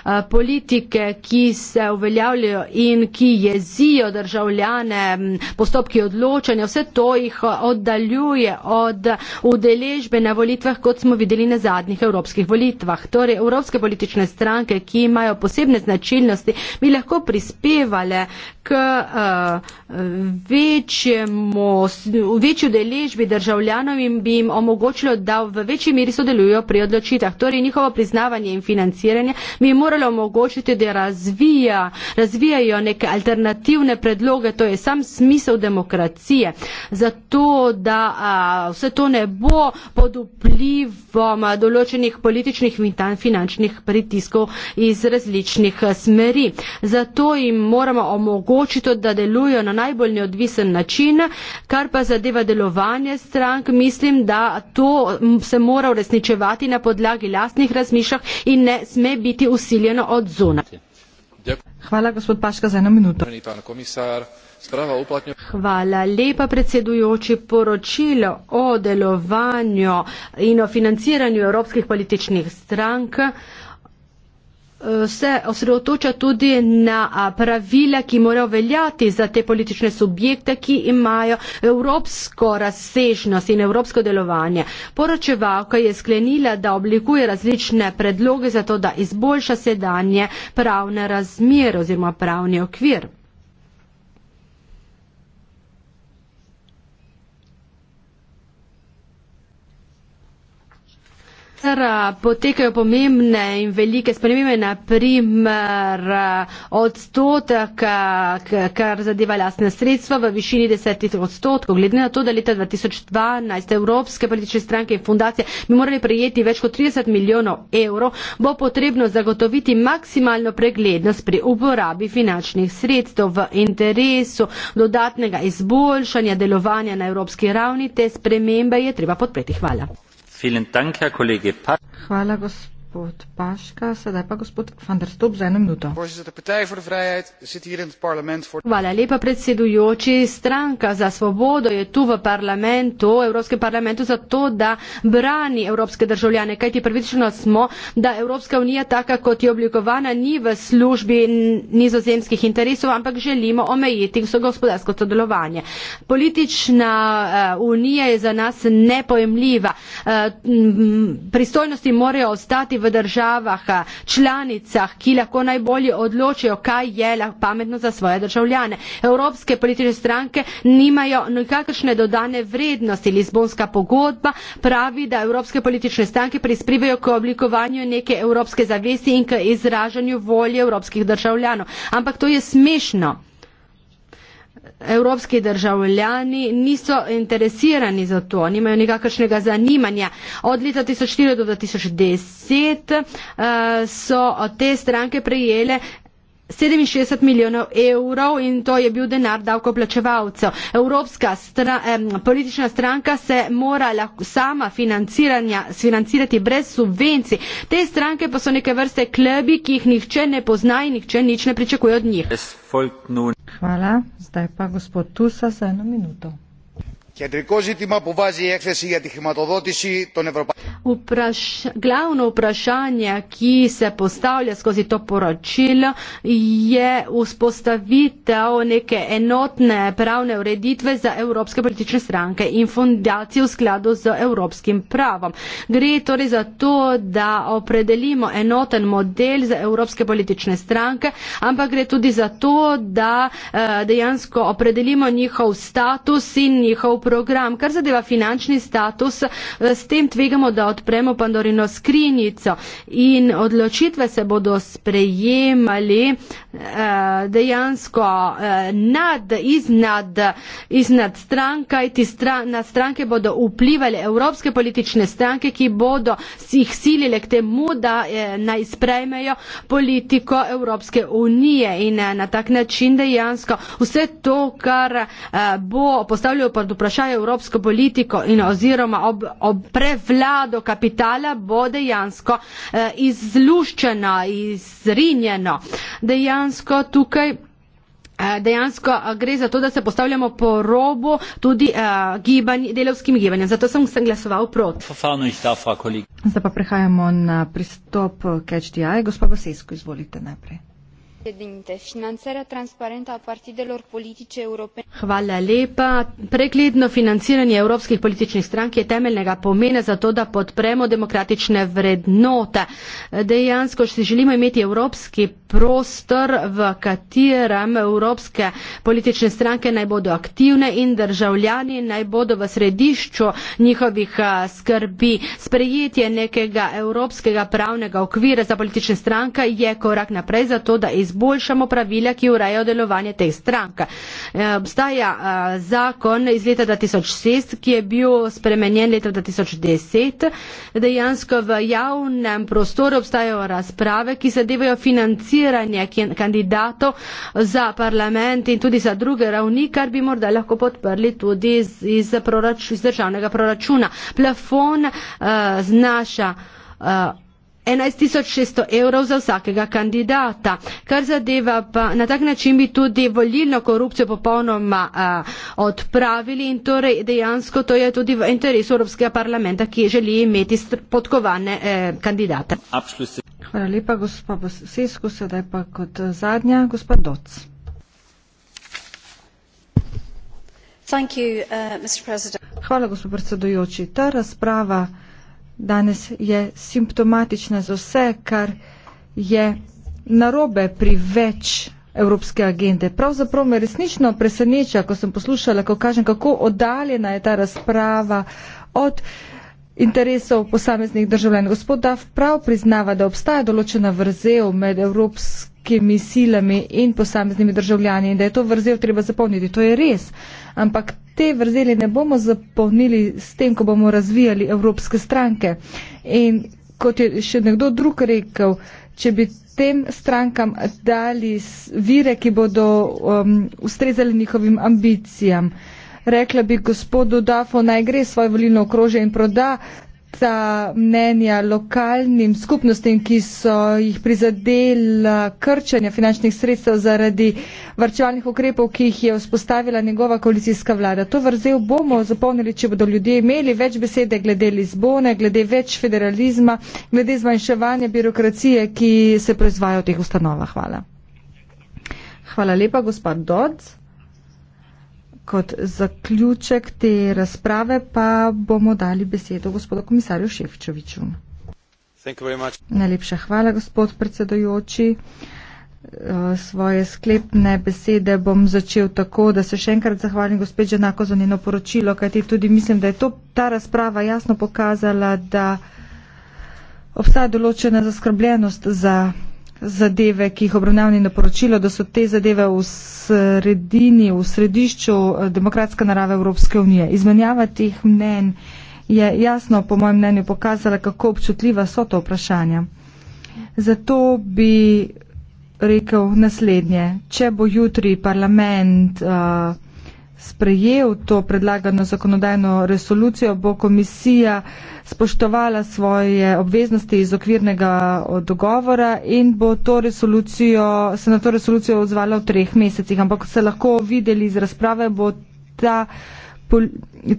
Speaker 3: Eh, politike, ki se uveljavljajo in ki jezijo državljane, postopki odločanja, vse to jih eh, oddaljuje od udeležbe na volitvah, kot smo videli na zadnjih evropskih volitvah. Torej, evropske politične stranke, ki imajo posebne značilnosti, bi lahko prispevale k uh, večjemu, večji udeležbi državljanov in bi jim omogočilo, da v večji meri sodelujo pri odločitvah. Torej, njihovo priznavanje in financiranje bi moralo omogočiti, da razvija, razvijajo neke alternativne predloge. To je sam smisel demokracije. Zato, da a, vse to ne bo pod vplivom določenih političnih in finančnih pritiskov iz različnih eh, smeri. Zato jim moramo omogočiti, da delujo na najbolj neodvisen način, kar pa zadeva delovanje strank, mislim, mislim, da to se mora uresničevati na podlagi lastnih razmišljah in ne sme biti usiljeno od zuna. Hvala, gospod Paška, za eno minuto. Hvala lepa, predsedujoči. Poročilo o delovanju in o financiranju evropskih političnih strank. Eh, se osredotoča tudi na pravila, ki morajo veljati za te politične subjekte, ki imajo evropsko razsežnost in evropsko delovanje. Poročevalka je sklenila, da oblikuje različne predloge za to, da izboljša sedanje pravne razmere oziroma pravni okvir. Vendar potekajo pomembne in velike spremembe, naprimer eh, odstotek, eh, kar zadeva lasne sredstva v višini desetih odstotkov. Glede na to, da leta 2012 Evropske politične stranke in fundacije bi morali prijeti več kot 30 milijonov evrov, bo potrebno zagotoviti maksimalno preglednost pri uporabi finančnih sredstev v interesu dodatnega izboljšanja delovanja na evropski ravni. Te spremembe je treba podpreti. Hvala
Speaker 2: hvala gospodu pacu
Speaker 3: za njegovo stališče gospod Paška. Sedaj pa gospod van der Stop za eno minuto. Hvala lepa predsedujoči. Stranka za svobodo je tu v parlamentu, v Evropskem parlamentu, zato, da brani evropske državljane. Kaj ti pravično smo, da Evropska unija taka, kot je oblikovana, ni v službi nizozemskih interesov, ampak želimo omejiti vso gospodarsko sodelovanje. Politična eh, unija je za nas nepojemljiva. Eh, pristojnosti morajo ostati v državah članicah, ki lahko najbolje odločijo, kaj je pametno za svoje državljane. Evropske politične stranke nimajo nikakršne dodane vrednosti. Lizbonska pogodba pravi, da evropske politične stranke prispevajo k oblikovanju neke evropske zavesti in k izražanju volje evropskih državljanov. Ampak to je smešno evropski državljani niso interesirani za to, nimajo nikakršnega zanimanja. Od leta 2004 do 2010 uh, eh, so od te stranke prejele 67 milijonov evrov in to je bil denar davkoplačevalcev. Evropska stra, eh, politična stranka se mora sama financirati brez subvencij. Te stranke pa so neke vrste klubi, ki jih nihče ne pozna in nihče nič ne pričakuje od njih.
Speaker 2: Hvala. Zdaj pa gospod Tusa za eno minuto.
Speaker 1: Kentrico zitima po vazi ekfesi jati hematodotisi ton Evropa.
Speaker 2: Vpraš, glavno
Speaker 3: vprašanje, ki se postavlja skozi to poročilo, je vzpostavitev neke enotne pravne ureditve za evropske politične stranke in fundacije v skladu z evropskim pravom. Gre torej za to, da opredelimo enoten model za evropske politične stranke, ampak gre tudi za to, da eh, dejansko opredelimo njihov status in njihov program. Kar zadeva finančni status, eh, s tem tvegamo, da odpremo Pandorino skrinjico in odločitve se bodo sprejemali eh, dejansko eh, nad, iznad, iznad stranka, ti stran, na stranke bodo vplivali evropske politične stranke, ki bodo jih silile k temu, da naj sprejmejo politiko Evropske unije in na tak način dejansko vse to, kar bo postavljalo pod vprašanje, vprašaj evropsko politiko in oziroma ob, ob prevlado kapitala bo dejansko eh, izluščeno, izrinjeno. Dejansko tukaj. Eh, dejansko eh, gre za to, da se postavljamo po robu tudi uh, eh, gibanj, delovskim gibanjem. Zato sem, sem glasoval proti.
Speaker 2: Zdaj pa prehajamo na pristop Catch the Eye. Gospod Basesko, izvolite najprej financiarea transparentă a partidelor politice europene.
Speaker 3: Hvala lepa. Pregledno financiranje evropskih političnih strank je temeljnega pomena za to, da podpremo demokratične vrednote. Dejansko, če želimo imeti evropski prostor, v katerem evropske politične stranke naj bodo aktivne in državljani naj bodo v središču njihovih skrbi. Sprejetje nekega evropskega pravnega okvira za politične stranke je korak naprej za to, da izboljšamo izboljšamo pravila, ki urejajo delovanje teh strank. Eh, obstaja eh, zakon iz leta 2006, ki je bil spremenjen leta 2010. Dejansko v javnem prostoru obstajajo razprave, ki zadevajo financiranje kandidatov za parlament in tudi za druge ravni, kar bi morda lahko podprli tudi iz, iz, proračuna, iz državnega proračuna. Plafon uh, znaša. Uh, 11600 evrov za vsakega kandidata. Kar zadeva pa na tak način bi tudi volilno korupcijo popolnoma a, odpravili in torej dejansko to je tudi v interesu Evropskega parlamenta, ki želi imeti podkovane e, kandidate.
Speaker 2: Abslusi. Hvala lepa, gospa Bosesko, sedaj pa kot zadnja, gospa Doc. Uh, Hvala, gospod predsedujoči. Ta razprava danes je simptomatična za vse, kar je narobe pri več evropske agende. Pravzaprav me resnično preseneča, ko sem poslušala, ko kažem, kako oddaljena je ta razprava od interesov posameznih državljanov. Gospod Daf prav priznava, da obstaja določena vrzel med evropskimi silami in posameznimi državljani in da je to vrzel treba zapolniti. To je res. Ampak te vrzeli ne bomo zapolnili s tem, ko bomo razvijali evropske stranke. In kot je še nekdo drug rekel, če bi tem strankam dali vire, ki bodo um, ustrezali njihovim ambicijam. Rekla bi gospodu Dafo, naj gre svoje volilno okrožje in proda ta mnenja lokalnim skupnostim, ki so jih prizadela krčanja finančnih sredstev zaradi varčevalnih ukrepov, ki jih je vzpostavila njegova koalicijska vlada. To vrzel bomo zapomnili, če bodo ljudje imeli več besede glede Lizbone, glede več federalizma, glede zmanjševanja birokracije, ki se proizvaja v teh ustanovah. Hvala. Hvala lepa, gospod Dodd kot zaključek te razprave pa bomo dali besedo gospodu komisarju Ševčoviču. Najlepša hvala, gospod predsedojoči. Eh, svoje sklepne besede bom začel tako, da se še enkrat zahvalim gospod Ženako za njeno poročilo, kajti tudi mislim, da je to, ta razprava jasno pokazala, da obstaja določena zaskrbljenost za zadeve, ki jih obravnavni naporočilo, da so te zadeve v sredini, v središču eh, demokratske narave Evropske unije. Izmenjava teh mnen je jasno, po mojem mnenju, pokazala, kako občutljiva so to vprašanja. Zato bi rekel naslednje. Če bo jutri parlament uh, sprejel to predlagano zakonodajno resolucijo, bo komisija spoštovala svoje obveznosti iz okvirnega dogovora in bo to se na to resolucijo odzvala v treh mesecih. Ampak se lahko videli iz razprave, bo ta,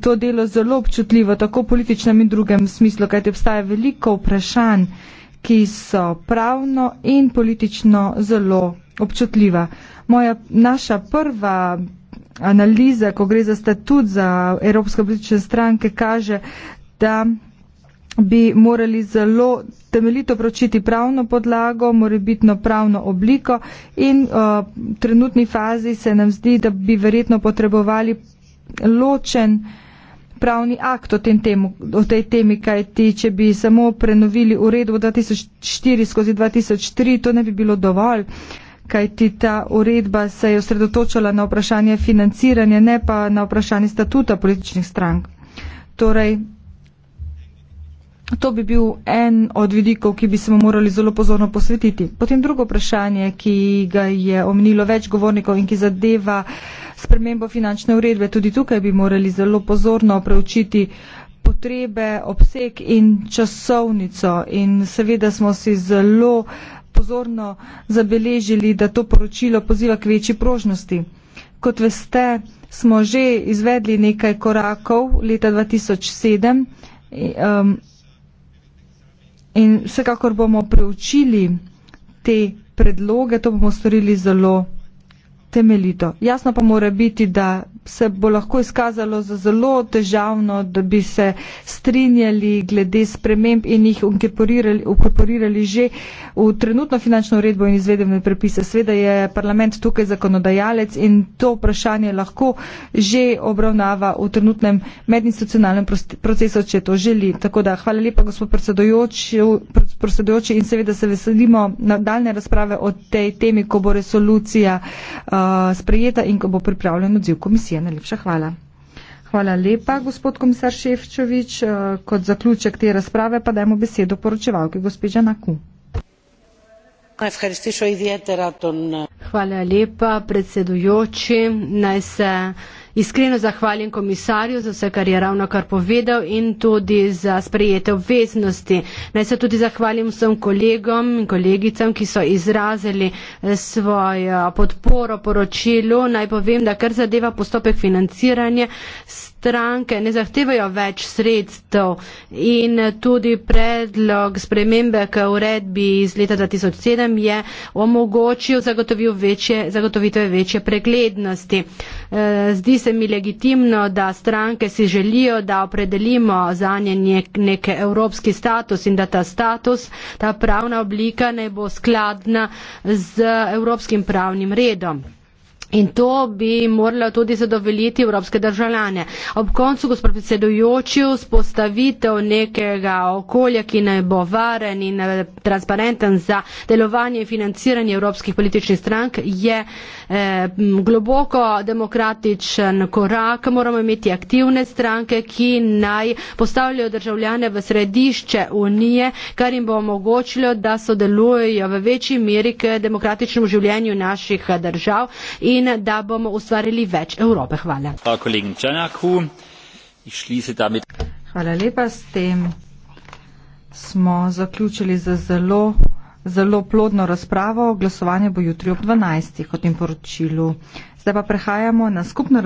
Speaker 2: to delo zelo občutljivo, tako političnem in drugem smislu, kajte obstaja veliko vprašanj, ki so pravno in politično zelo občutljiva. Moja, naša prva analiza, ko gre za statut za Evropske politične stranke, kaže, da bi morali zelo temeljito pročiti pravno podlago, morebitno pravno obliko in uh, v uh, trenutni fazi se nam zdi, da bi verjetno potrebovali ločen pravni akt o, tem temu, o tej temi, kaj ti, če bi samo prenovili uredbo 2004 skozi 2003, to ne bi bilo dovolj. Uh, kajti ta uredba se je osredotočala na vprašanje financiranja, ne pa na vprašanje statuta političnih strank. Torej, to bi bil en od vidikov, ki bi se mu morali zelo pozorno posvetiti. Potem drugo vprašanje, ki ga je omenilo več govornikov in ki zadeva spremembo finančne uredbe, tudi tukaj bi morali zelo pozorno preučiti potrebe, obseg in časovnico. In seveda smo si zelo uh, pozorno zabeležili, da to poročilo poziva k večji prožnosti. Kot veste, smo že izvedli nekaj korakov leta 2007 um, in vsekakor bomo preučili te predloge, to bomo storili zelo temeljito. Jasno pa mora biti, da se bo lahko izkazalo za zelo težavno, da bi se strinjali glede sprememb in jih ukeporirali že v trenutno finančno uredbo in izvedene prepise. Sveda je parlament tukaj zakonodajalec in to vprašanje lahko že obravnava v trenutnem medinstitucionalnem procesu, če to želi. Tako da hvala lepa, gospod predsedojoči in seveda se veselimo nadaljne razprave o tej temi, ko bo resolucija uh, sprejeta in ko bo pripravljen odziv komisije komisije. Najlepša hvala. Hvala lepa, gospod komisar Ševčovič. Eh, kot zaključek te razprave pa dajmo besedo poročevalki gospe Žanaku.
Speaker 3: Hvala lepa, predsedujoči. Naj se. Iskreno zahvaljen komisarju za vse, kar je ravno kar povedal in tudi za sprejete obveznosti. Naj se tudi zahvalim vsem kolegom in kolegicam, ki so izrazili eh, svojo podporo poročilu. Naj povem, da kar zadeva postopek financiranja stranke ne zahtevajo več sredstev in tudi predlog spremembe k uredbi iz leta 2007 je omogočil zagotovitev večje, zagotovitev večje preglednosti. E, zdi se mi legitimno, da stranke si želijo, da opredelimo za nje nek evropski status in da ta status, ta pravna oblika ne bo skladna z evropskim pravnim redom. In to bi moralo tudi zadovoljiti evropske državljane. Ob koncu, gospod predsedujoči, vzpostavitev nekega okolja, ki naj bo varen in eh, transparenten za delovanje in financiranje evropskih političnih strank, je eh, globoko demokratičen korak. Moramo imeti aktivne stranke, ki naj postavljajo državljane v središče unije, kar jim bo omogočilo, da sodelujejo v večji meri k demokratičnemu življenju naših eh, držav. In in da bomo ustvarili več Evrope. Hvala.
Speaker 2: Hvala lepa. S tem smo zaključili za zelo, zelo plodno razpravo. Glasovanje bo jutri ob 12. kot in poročilu. Zdaj pa prehajamo na skupno razpravo.